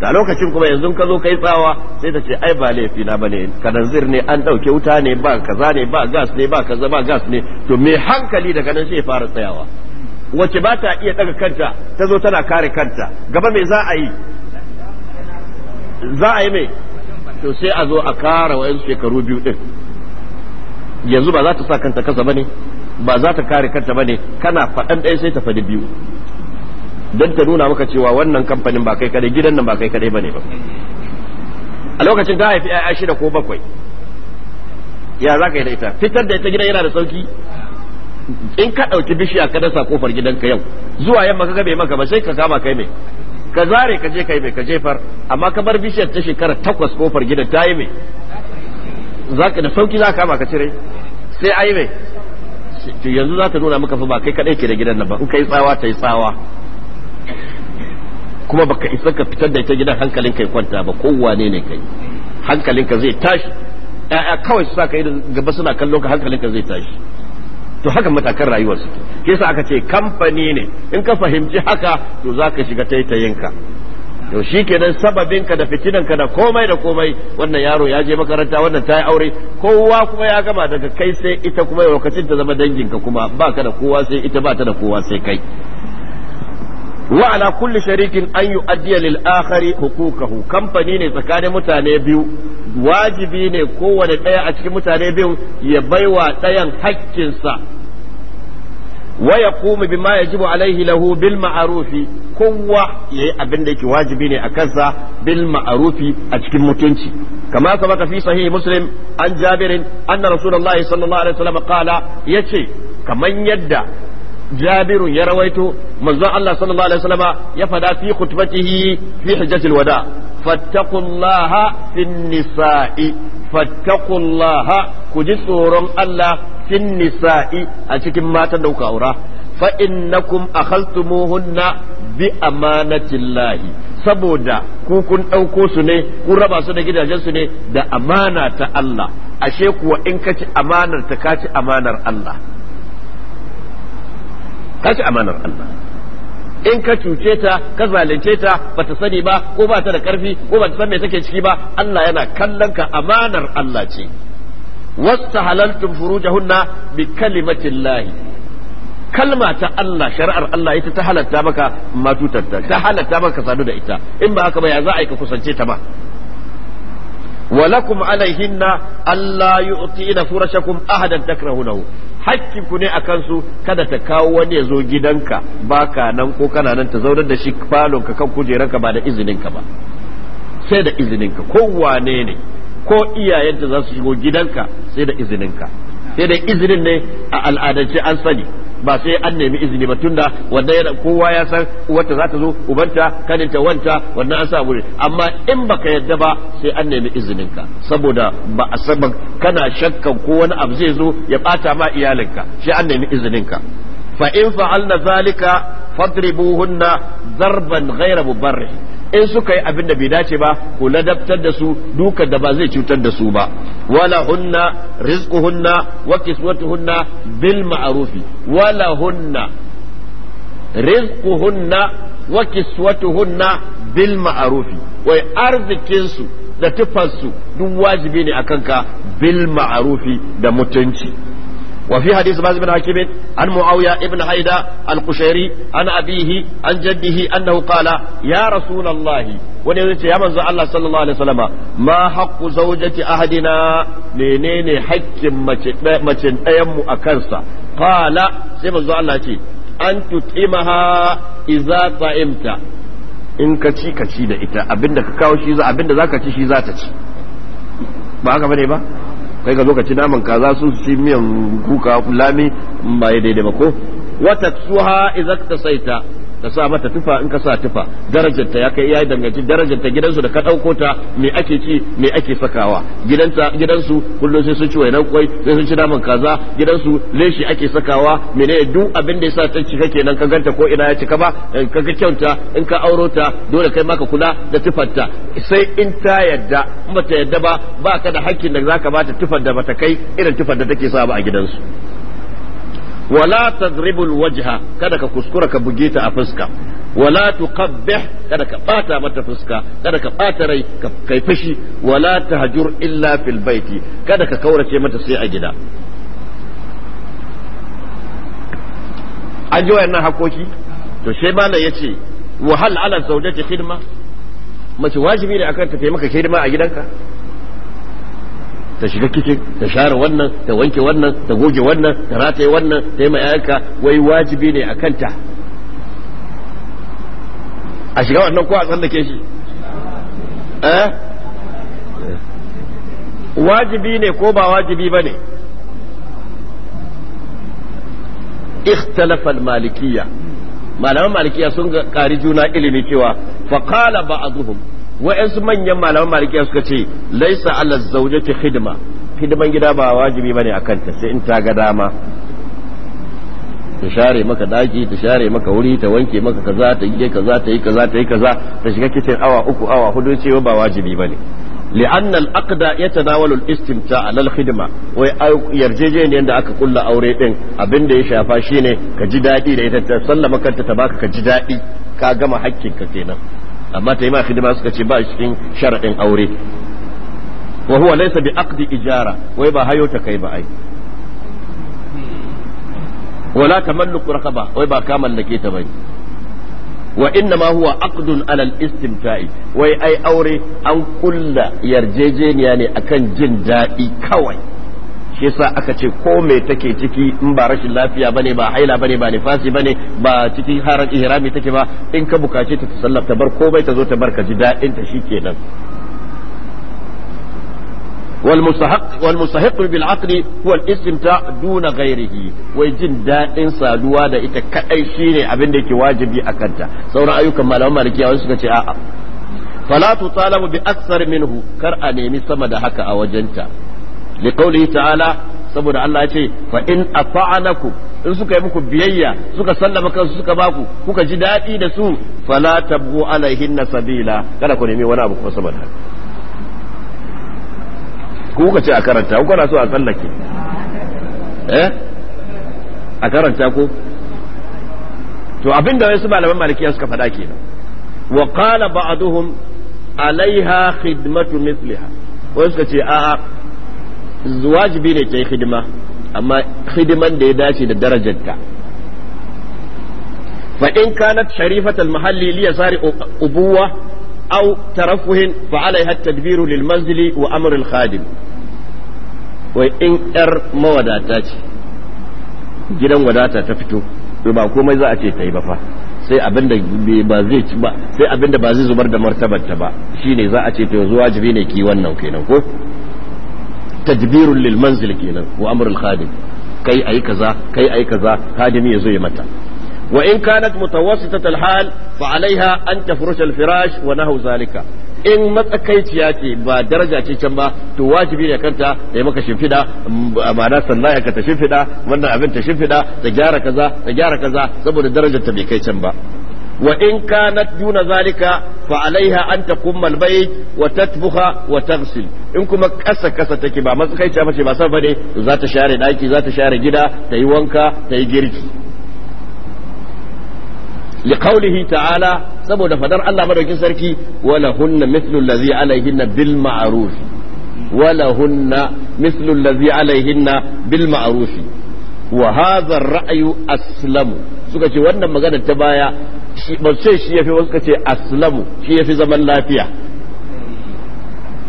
da lokacin kuma yanzu ka zo kai tsawa sai ta ce ai ba laifi na bane kadanzir ne an ɗauke wuta ne ba kaza ne ba gas ne ba kaza ba gas ne to me hankali daga nan sai fara tsayawa wacce ba ta iya daga kanta ta zo tana kare kanta gaba me za a yi za a yi mai to sai a zo a kara wayansu shekaru biyu din yanzu ba za ta sa kanta kasa bane ba za ta kare kanta bane kana faɗan ɗaya sai ta faɗi biyu don ta nuna maka cewa wannan kamfanin ba kai kadai gidan nan ba kai kadai bane ba a lokacin ta haifi 'ya'ya shida ko bakwai ya za ka yi da ita fitar da ita gidan yana da sauki in ka ɗauki bishiya ka dasa kofar gidanka yau zuwa yamma ka ga bai maka ba sai ka kama kai mai ka zare ka je kai mai ka jefar amma ka bar bishiyar ta shekara takwas kofar gidan ta yi mai zaka da sauki za ka kama ka cire sai ai mai to yanzu za ta nuna maka fa ba kai kadai ke da gidan nan ba in kai tsawa ta yi tsawa kuma baka isa ka fitar da ita gidan hankalin kai kwanta ba kowane ne kai hankalin ka zai tashi ƴaƴa kawai su sa ka yi gaba suna kallo ka hankalin ka zai tashi to haka matakan rayuwar su ke sa aka ce kamfani ne in ka fahimci haka to za ka shiga taitayinka to shi kenan sababinka da fitinanka da komai da komai wannan yaro ya je makaranta wannan ta yi aure kowa kuma ya gama daga kai sai ita kuma lokacin ta zama danginka kuma ba ka da kowa sai ita ba ta da kowa sai kai wa ala kulli sharikin an yu'addiya lil akhari huquqahu kamfani ne tsakanin mutane biyu wajibi ne kowane ɗaya a cikin mutane biyu ya baiwa ɗayan haƙƙinsa wa ya kuma bi ma yajibu alaihi lahu bil ma'arufi kowa yi abin da yake wajibi ne a kansa bil ma'arufi a cikin mutunci kama ka fi sahih muslim an jabirin anna rasulullahi sallallahu alaihi wasallam qala yace kaman yadda jabiru ya rawaito manzon Allah sallallahu alaihi wasallam ya fada fi khutbatihi fi hajjatil wada fattaqullaha fin nisa'i fattaqullaha ku ji tsoron Allah fin nisa'i a cikin matan da kuka aura fa innakum akhadtumuhunna bi amanatillahi saboda ku kun ɗauko su ne kun raba su da gidajensu ne da amana ta Allah ashe kuwa in ka ci amanar ta ka ci amanar Allah ka ci amanar Allah in ka cuce ta ka zalunce ta bata sani ba ko ba ta da karfi ko ba ta san me take ciki ba Allah yana kallon ka amanar Allah ce wasta halaltum furujahunna bi kalimatillahi kalma ta Allah shari'ar Allah ita ta halatta maka matutarta ta halatta maka sadu da ita in ba haka ba ya za a yi ka kusance ta ma walakum عليهن ألا يؤتين furashakum ahadan takrahunahu hakki ku ne a kansu kada ta kawo wani ya zo gidanka baka nan ko kana nan ta zaunar da shi falon ka kan ka ba da izininka ba sai da izininka ko wane ne ko iyayenta za su shigo gidanka sai da izininka sai da izinin ne a al'adance an sani ba sai an nemi izini ba tunda wanda yana kowa ya san uwarta za ta zo ubanta kaninta wanta wannan an sa wuri amma in baka yadda ba sai an nemi izinin ka saboda ba a saban kana shakkan ko wani abu zai zo ya bata ma iyalinka sai an nemi izinin ka fa in fa'alna zalika fadribuhunna zarban ghayra mubarrih in suka yi abin da bai dace ba ku ladabtar da su duka da ba zai cutar da su ba wala hunna rizquhunna wa kiswatuhunna bil ma'ruf wala hunna rizquhunna wa kiswatuhunna bil ma'ruf wai arzikin su da tufansu duk wajibi ne akan ka bil ma'ruf da mutunci وفي حديث باز بن حكيم عن معاوية ابن حيدة القشيري عن أبيه عن جده أنه قال يا رسول الله ونزلت يا من الله صلى الله عليه وسلم ما حق زوجة أحدنا منين حق متن أيم أكنسا قال سيما الله أن تطعمها إذا طعمت in ka ci ka ci da ita abinda ka kawo shi za abinda za ka ci shi za ta ci ba haka bane ba kai ka zo ka ci naman kaza su ci miyan kuka lami ba ya daidai ba ko wata suha idza saita ka sa mata tufa in ka sa tufa darajarta ya kai ya danganci darajarta gidansu da ka ɗauko ta me ake ci me ake sakawa gidanta gidansu kullum sai sun ci wainan kwai sai sun ci naman kaza gidansu leshi ake sakawa mene duk abin da ya sa ta cika kenan ka ganta ko ina ya cika ba eh, ka ga kyauta in ka auro ta dole kai maka kula da tufarta sai in ta yadda in ba ta yadda ba ba ka da hakkin da zaka bata tufar da bata kai irin tufar da take sa ba a gidansu wala tadribul wajha kada ka kuskura ka buge ta a fuska wala tuqabbih kada ka bata mata fuska kada ka bata rai ka kai fashi wala tahjur illa fil kada ka kaurace mata sai a gida an ji wayannan hakoki to sai malam yace wa hal ala zawjati khidma mace wajibi ne akan tafe maka hidima a gidanka ta shiga kicin ta share wannan ta wanke wannan ta goge wannan ta rataye wannan ta yi ma'aika wai wajibi ne a kanta a shiga wannan ko a tsallake shi eh wajibi ne ko ba wajibi ba ne ikhtalafal malikiya malaman malikiya sun kari juna ilimi cewa faqala zuhun. wa'yansu manyan malaman malikiya suka ce laisa ala zaujati hidima hidiman gida ba wajibi bane a kanta sai in ta ga dama ta share maka daki ta share maka wuri ta wanke maka kaza ta yi kaza ta yi kaza ta yi kaza ta shiga kicin awa uku awa hudu cewa ba wajibi bane لأن الأقد يتناول الاستمتاع على الخدمة ويرجيجين يند أكا كل أوريتين أبن دي شافاشيني كجدائي لأيتا تسلم كنت تباك كجدائي كاقم حكي كتينا amma ta yi ma suka ce ba cikin sharaɗin aure wa huwa laysa bi aqdi ijara wai ba hayo ta kai ba ai wala tamalluk raqaba wai ba ka mallake ta bane wa inna ma huwa aqdun ala al-istimta'i wai ai aure an kulla yarjejeniya ne akan jin daɗi kawai shi yasa aka ce ko me take ciki in ba rashin lafiya bane ba haila bane ba nifasi bane ba cikin harar ihrami take ba in ka bukace ta sallar ta bar komai ta zo ta bar ka ji daɗin ta shikenan aqli huwa al istimta duna ghayrihi wai jin dadin saduwa da ita kadai shine abin da yake wajibi a kanta sauran ayyukan malaman maliki wasu suka ce a'a fala tutalabu bi aksar minhu kar a nemi sama da haka a wajenta liqaulihi ta'ala saboda Allah ya ce fa in ata'anakum in suka yi muku biyayya suka sallama kansu suka baku kuka ji daɗi da su fala tabgu alaihinna sabila kada ku nemi wani abu kuma saboda haka ku kuka ce a karanta ku kana so a tsallake eh a karanta ko to abinda wasu malaman malikiya suka faɗa kenan wa qala ba'duhum alaiha khidmatu mithliha wasu suka ce a'a wajibi ne ta yi hidima amma hidiman da ya dace da darajarta فإن كانت شريفة المحل ليسار أبوة أو ترفه فعليها التدبير للمنزل وأمر in وإن أر ce? gidan wadata ta fito to ba komai za a ce ta yi ba fa sai abinda ba zai ci ba sai abinda ba zai zubar da martabar ta ba shine za a ce to yanzu wajibi ne ki wannan kenan ko tadbirul lil manzil kenan wa amrul khadim kai ayi kaza kai ayi kaza hadimi yazo ya mata wa in kanat mutawassitat al hal ba alaiha an tafrush al firash wa nahu zalika in matsakaiciya ce ba daraja ce can ba to wajibi ne kanta da ya maka shimfiɗa ma'ana sannan ya ta shimfiɗa wannan abin ta shimfiɗa ta gyara kaza ta gyara kaza saboda darajar ta bai kai can ba wa in kanat duna zalika fa alaiha an takumma albayt wa tatbuha wa taghsil in kuma kasa kasa take ba matsakaiciya mace ba san bane to za ta share daki za ta share gida ta yi wanka ta yi girki liqaulihi ta'ala saboda faɗar Allah madaukin sarki wala hunna mithlu allazi alaihinna bil ma'ruf wala hunna mithlu allazi alaihinna bil ma'ruf suka ce wannan maganar ta baya ba ce shi fi wasu ce aslamu shi ya fi zaman lafiya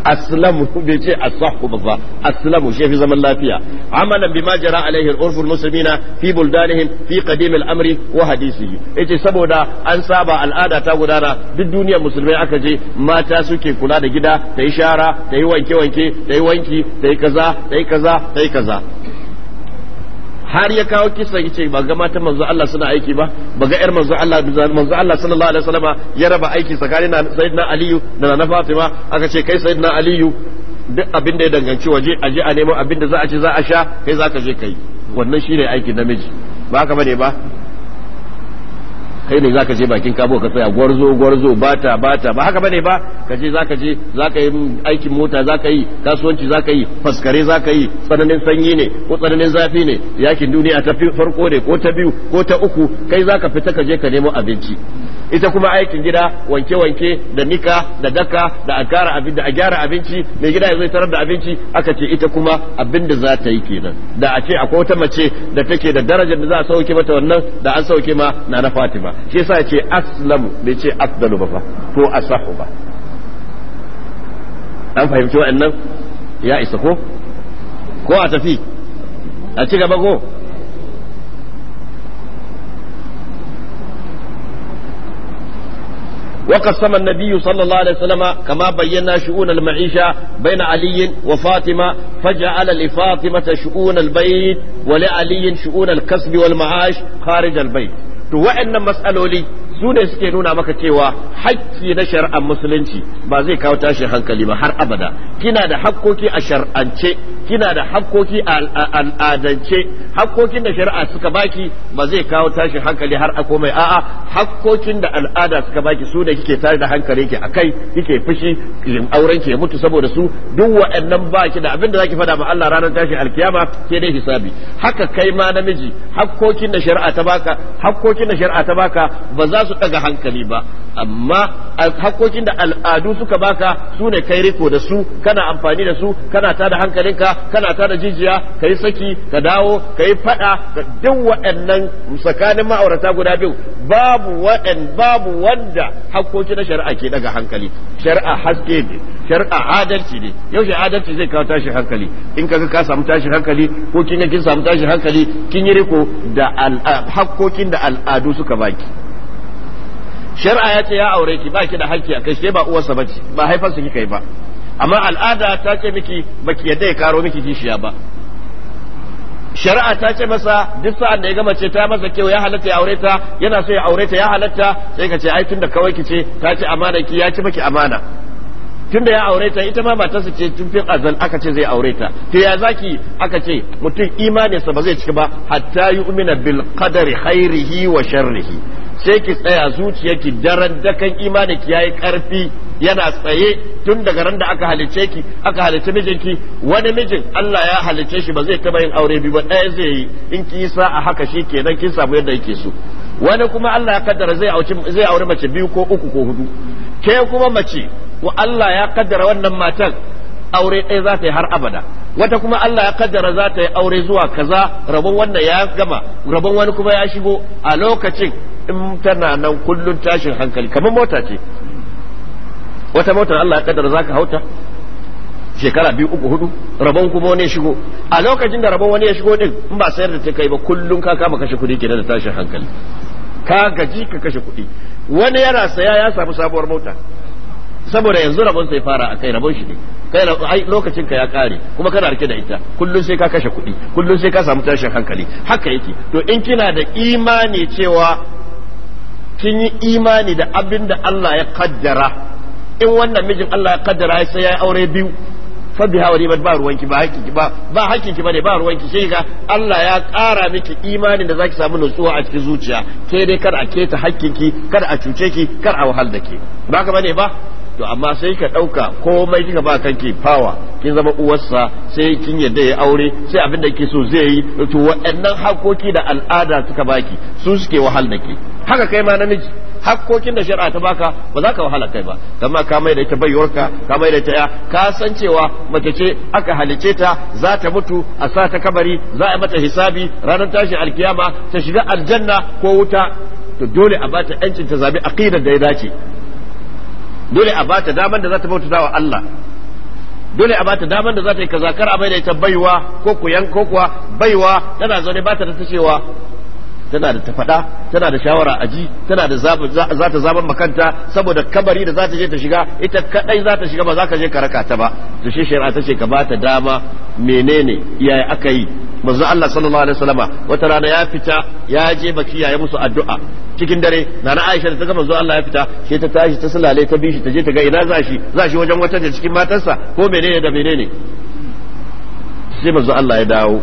aslamu bai ce asahu ba fa aslamu shi ya fi zaman lafiya amalan bima jara alaihi urful muslimina fi buldanihim fi qadim al-amri wa hadisihi yace saboda an saba al'ada ta gudana duk duniyar musulmai aka je mata suke kula da gida ta yi shara ta yi wanke wanke ta yi wanki ta yi kaza ta yi kaza ta yi kaza har ya kawo kisa ya ce ba ga matan manzo Allah suna aiki ba ba ga yar manzo Allah manzo Allah sallallahu alaihi wasallam ya raba aiki tsakanin sayyidina Aliyu da na Fatima aka ce kai sayyidina Aliyu duk abin da ya danganci waje a je a nemo abin da za a ci za a sha kai za ka je kai wannan shine aikin namiji ba haka bane ba kai ne zaka je bakin kabo ka tsaya gwarzo gwarzo bata bata ba haka bane ba ka je zaka je zaka yi aikin mota zaka yi kasuwanci zaka yi faskare zaka yi tsananin sanyi ne ko tsananin zafi ne yakin duniya ta farko ne ko ta biyu ko ta uku kai zaka fita ka je ka nemo abinci ita kuma aikin gida wanke-wanke da nika da daka da a gyara da a abinci mai gida zai tarar da abinci aka ce ita kuma abin da za ta yi kenan da a ce akwai wata mace da take da darajar da za a sauke mata wannan da an sauke ma na na Fatima shi yasa ce aslamu bai ce afdalu ba fa ko asahu ba an fahimci wa'annan ya isa ko ko a tafi a ci gaba ko وقسم النبي صلى الله عليه وسلم كما بينا شؤون المعيشة بين علي وفاطمة فجعل لفاطمة شؤون البيت ولعلي شؤون الكسب والمعاش خارج البيت to wa'annan matsaloli su ne suke nuna maka cewa hakki na shari'ar musulunci ba zai kawo tashin hankali ba har abada kina da hakkoki a shar'ance kina da hakkoki a al'adance hakkokin da shari'a suka baki ba zai kawo tashin hankali har a komai a'a hakkokin da al'ada suka baki su ne kike tare da hankali ki akai kike fushi auren ki ya mutu saboda su duk waɗannan baki da abinda da zaki faɗa ma Allah ranar tashin alkiyama ke dai hisabi haka kai ma namiji hakkokin da shari'a ta baka hakkokin da shari'a ta baka ba za su daga hankali ba amma hakokin da al'adu suka baka su ne kai riko da su kana amfani da su kana tada hankalinka kana tada jijiya ka yi saki ka dawo ka yi fada da duk waɗannan tsakanin ma'aurata guda biyu babu waɗan babu wanda hakoki na shari'a ke daga hankali shari'a haske ne shari'a adalci ne shi adalci zai kawo tashin hankali in kaga ka samu tashin hankali ko kin kin samu tashin hankali kin yi riko da hakkokin da al'adu suka baki shari'a ya ce ya aure ki ba ki da hakki a kai shi ba uwarsa ba ce ba haifar kika yi ba amma al'ada ta ce miki ba ki yadda ya karo miki kishiya ba shari'a ta ce masa duk sa'an da ya gama ce ta masa kewa ya halatta ya aure ta yana so ya aure ta ya halatta sai ka ce ai tunda kawai ki ce ta ce amana ki ya ci miki amana tunda ya aure ta ita ma matarsa ce tun fin azal aka ce zai aure ta to ya zaki aka ce mutum sa ba zai cika ba hatta yu'mina bil qadari khairihi wa sharrihi sai ki tsaya ki daren dakan imanin ki yayi karfi yana tsaye tun daga ran da aka halice ki aka halice mijinki wani mijin Allah ya halice shi ba zai taba yin aure biyu ba ɗaya zai yi in ki sa a haka shi kenan kin samu yadda yake so wani kuma Allah ya kaddara zai zai aure mace biyu ko uku ko hudu ke kuma mace wa Allah ya kaddara wannan matan aure ɗaya za ta yi har abada wata kuma Allah ya kaddara za ta yi aure zuwa kaza rabon wannan ya gama rabon wani kuma ya shigo a lokacin in tana nan kullun tashin hankali kamar mota ce wata motar Allah ya kaddara za ka hauta shekara biyu uku hudu rabon kuma wani ya shigo a lokacin da rabon wani ya shigo din in ba sayar da ta kai ba kullun ka kama kashe kuɗi kenan da tashin hankali ka gaji ka kashe kuɗi wani yana saya ya samu sabuwar mota saboda yanzu rabon sai fara a kai rabon shi ne kai ai lokacin ka ya kare kuma kana rike da ita kullun sai ka kashe kuɗi kullun sai ka samu tashin hankali haka yake to in kina da imani cewa kin yi imani da abin da Allah ya kaddara in wannan mijin Allah ya kaddara sai ya aure biyu fa hawa ribar ba ruwanki ba hakiki ba ba hakinki bane ba ruwanki sai ga Allah ya ƙara miki imani da zaki samu nutsuwa a cikin zuciya ke dai kar a keta ki kar a cuce ki kar a wahal da ke ba ka bane ba to amma sai ka ɗauka komai kika ba kanki fawa kin zama uwarsa sai kin yadda ya aure sai abin da ke so zai yi to waɗannan hakoki da al'ada suka baki su suke wahal da ke haka kai ma namiji hakkokin da shari'a ta baka ba za ka wahala kai ba amma ka mai da ita baiwarka ka mai da ita ya ka san cewa mace ce aka halice ta za ta mutu a sa ta kabari za a mata hisabi ranar tashin alkiyama ta shiga aljanna ko wuta to dole a bata yancin ta zabi aqidar da ya dace dole a bata damar da za ta bauta wa Allah dole a bata damar da za ta yi kaza kar a bai da ita baiwa ko kuwa baiwa tana zaune bata da ta cewa tana da tafada tana da shawara aji tana da za ta zaban makanta saboda kabari da za ta je ta shiga ita kadai za ta shiga ba za ka je ka raka ta ba to shi shari'a ta ce ka bata dama menene iyaye aka yi manzo Allah sallallahu alaihi wasallama wata rana ya fita ya je baki ya yi musu addu'a cikin dare nana Aisha ta ga manzo Allah ya fita sai ta tashi ta sulale ta bishi ta je ta ga ina za shi za shi wajen wata da cikin matarsa ko menene da menene sai manzo Allah ya dawo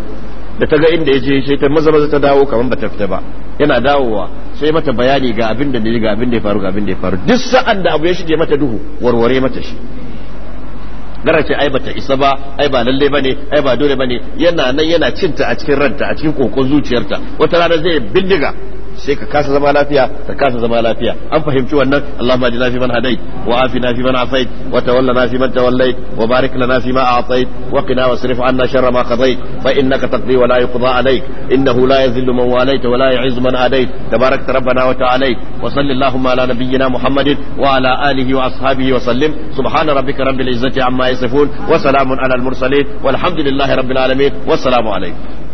da ta ga inda ya je sai ta maza maza ta dawo kamar ba ta fita ba yana dawowa sai mata bayani ga abin da ya faru ga abin da ya faru duk sa'an da abu ya shige mata duhu warware mata shi gara ce ai bata isa ba ai ba lalle bane ai ba dole bane yana nan yana cinta a cikin ranta a cikin kokon zuciyarta wata rana zai bindiga sai ka kasa zama lafiya ka kasa zama lafiya an fahimci wannan Allahumma ajina fi man hadait wa afina fi man afait wa na fi man tawallait wa barik lana fi ma a'tait wa qina wasrif anna sharra ma qadait fa innaka taqdi wa la yuqda alayk innahu la yadhillu man walayt wa la yu'izzu man adait tabarakta rabbana wa ta'alayt wa sallallahu ala nabiyyina muhammadin wa ala alihi wa ashabihi wa sallim subhana rabbika rabbil izzati amma yasifun wa salamun ala al mursalin والحمد لله رب العالمين والسلام عليكم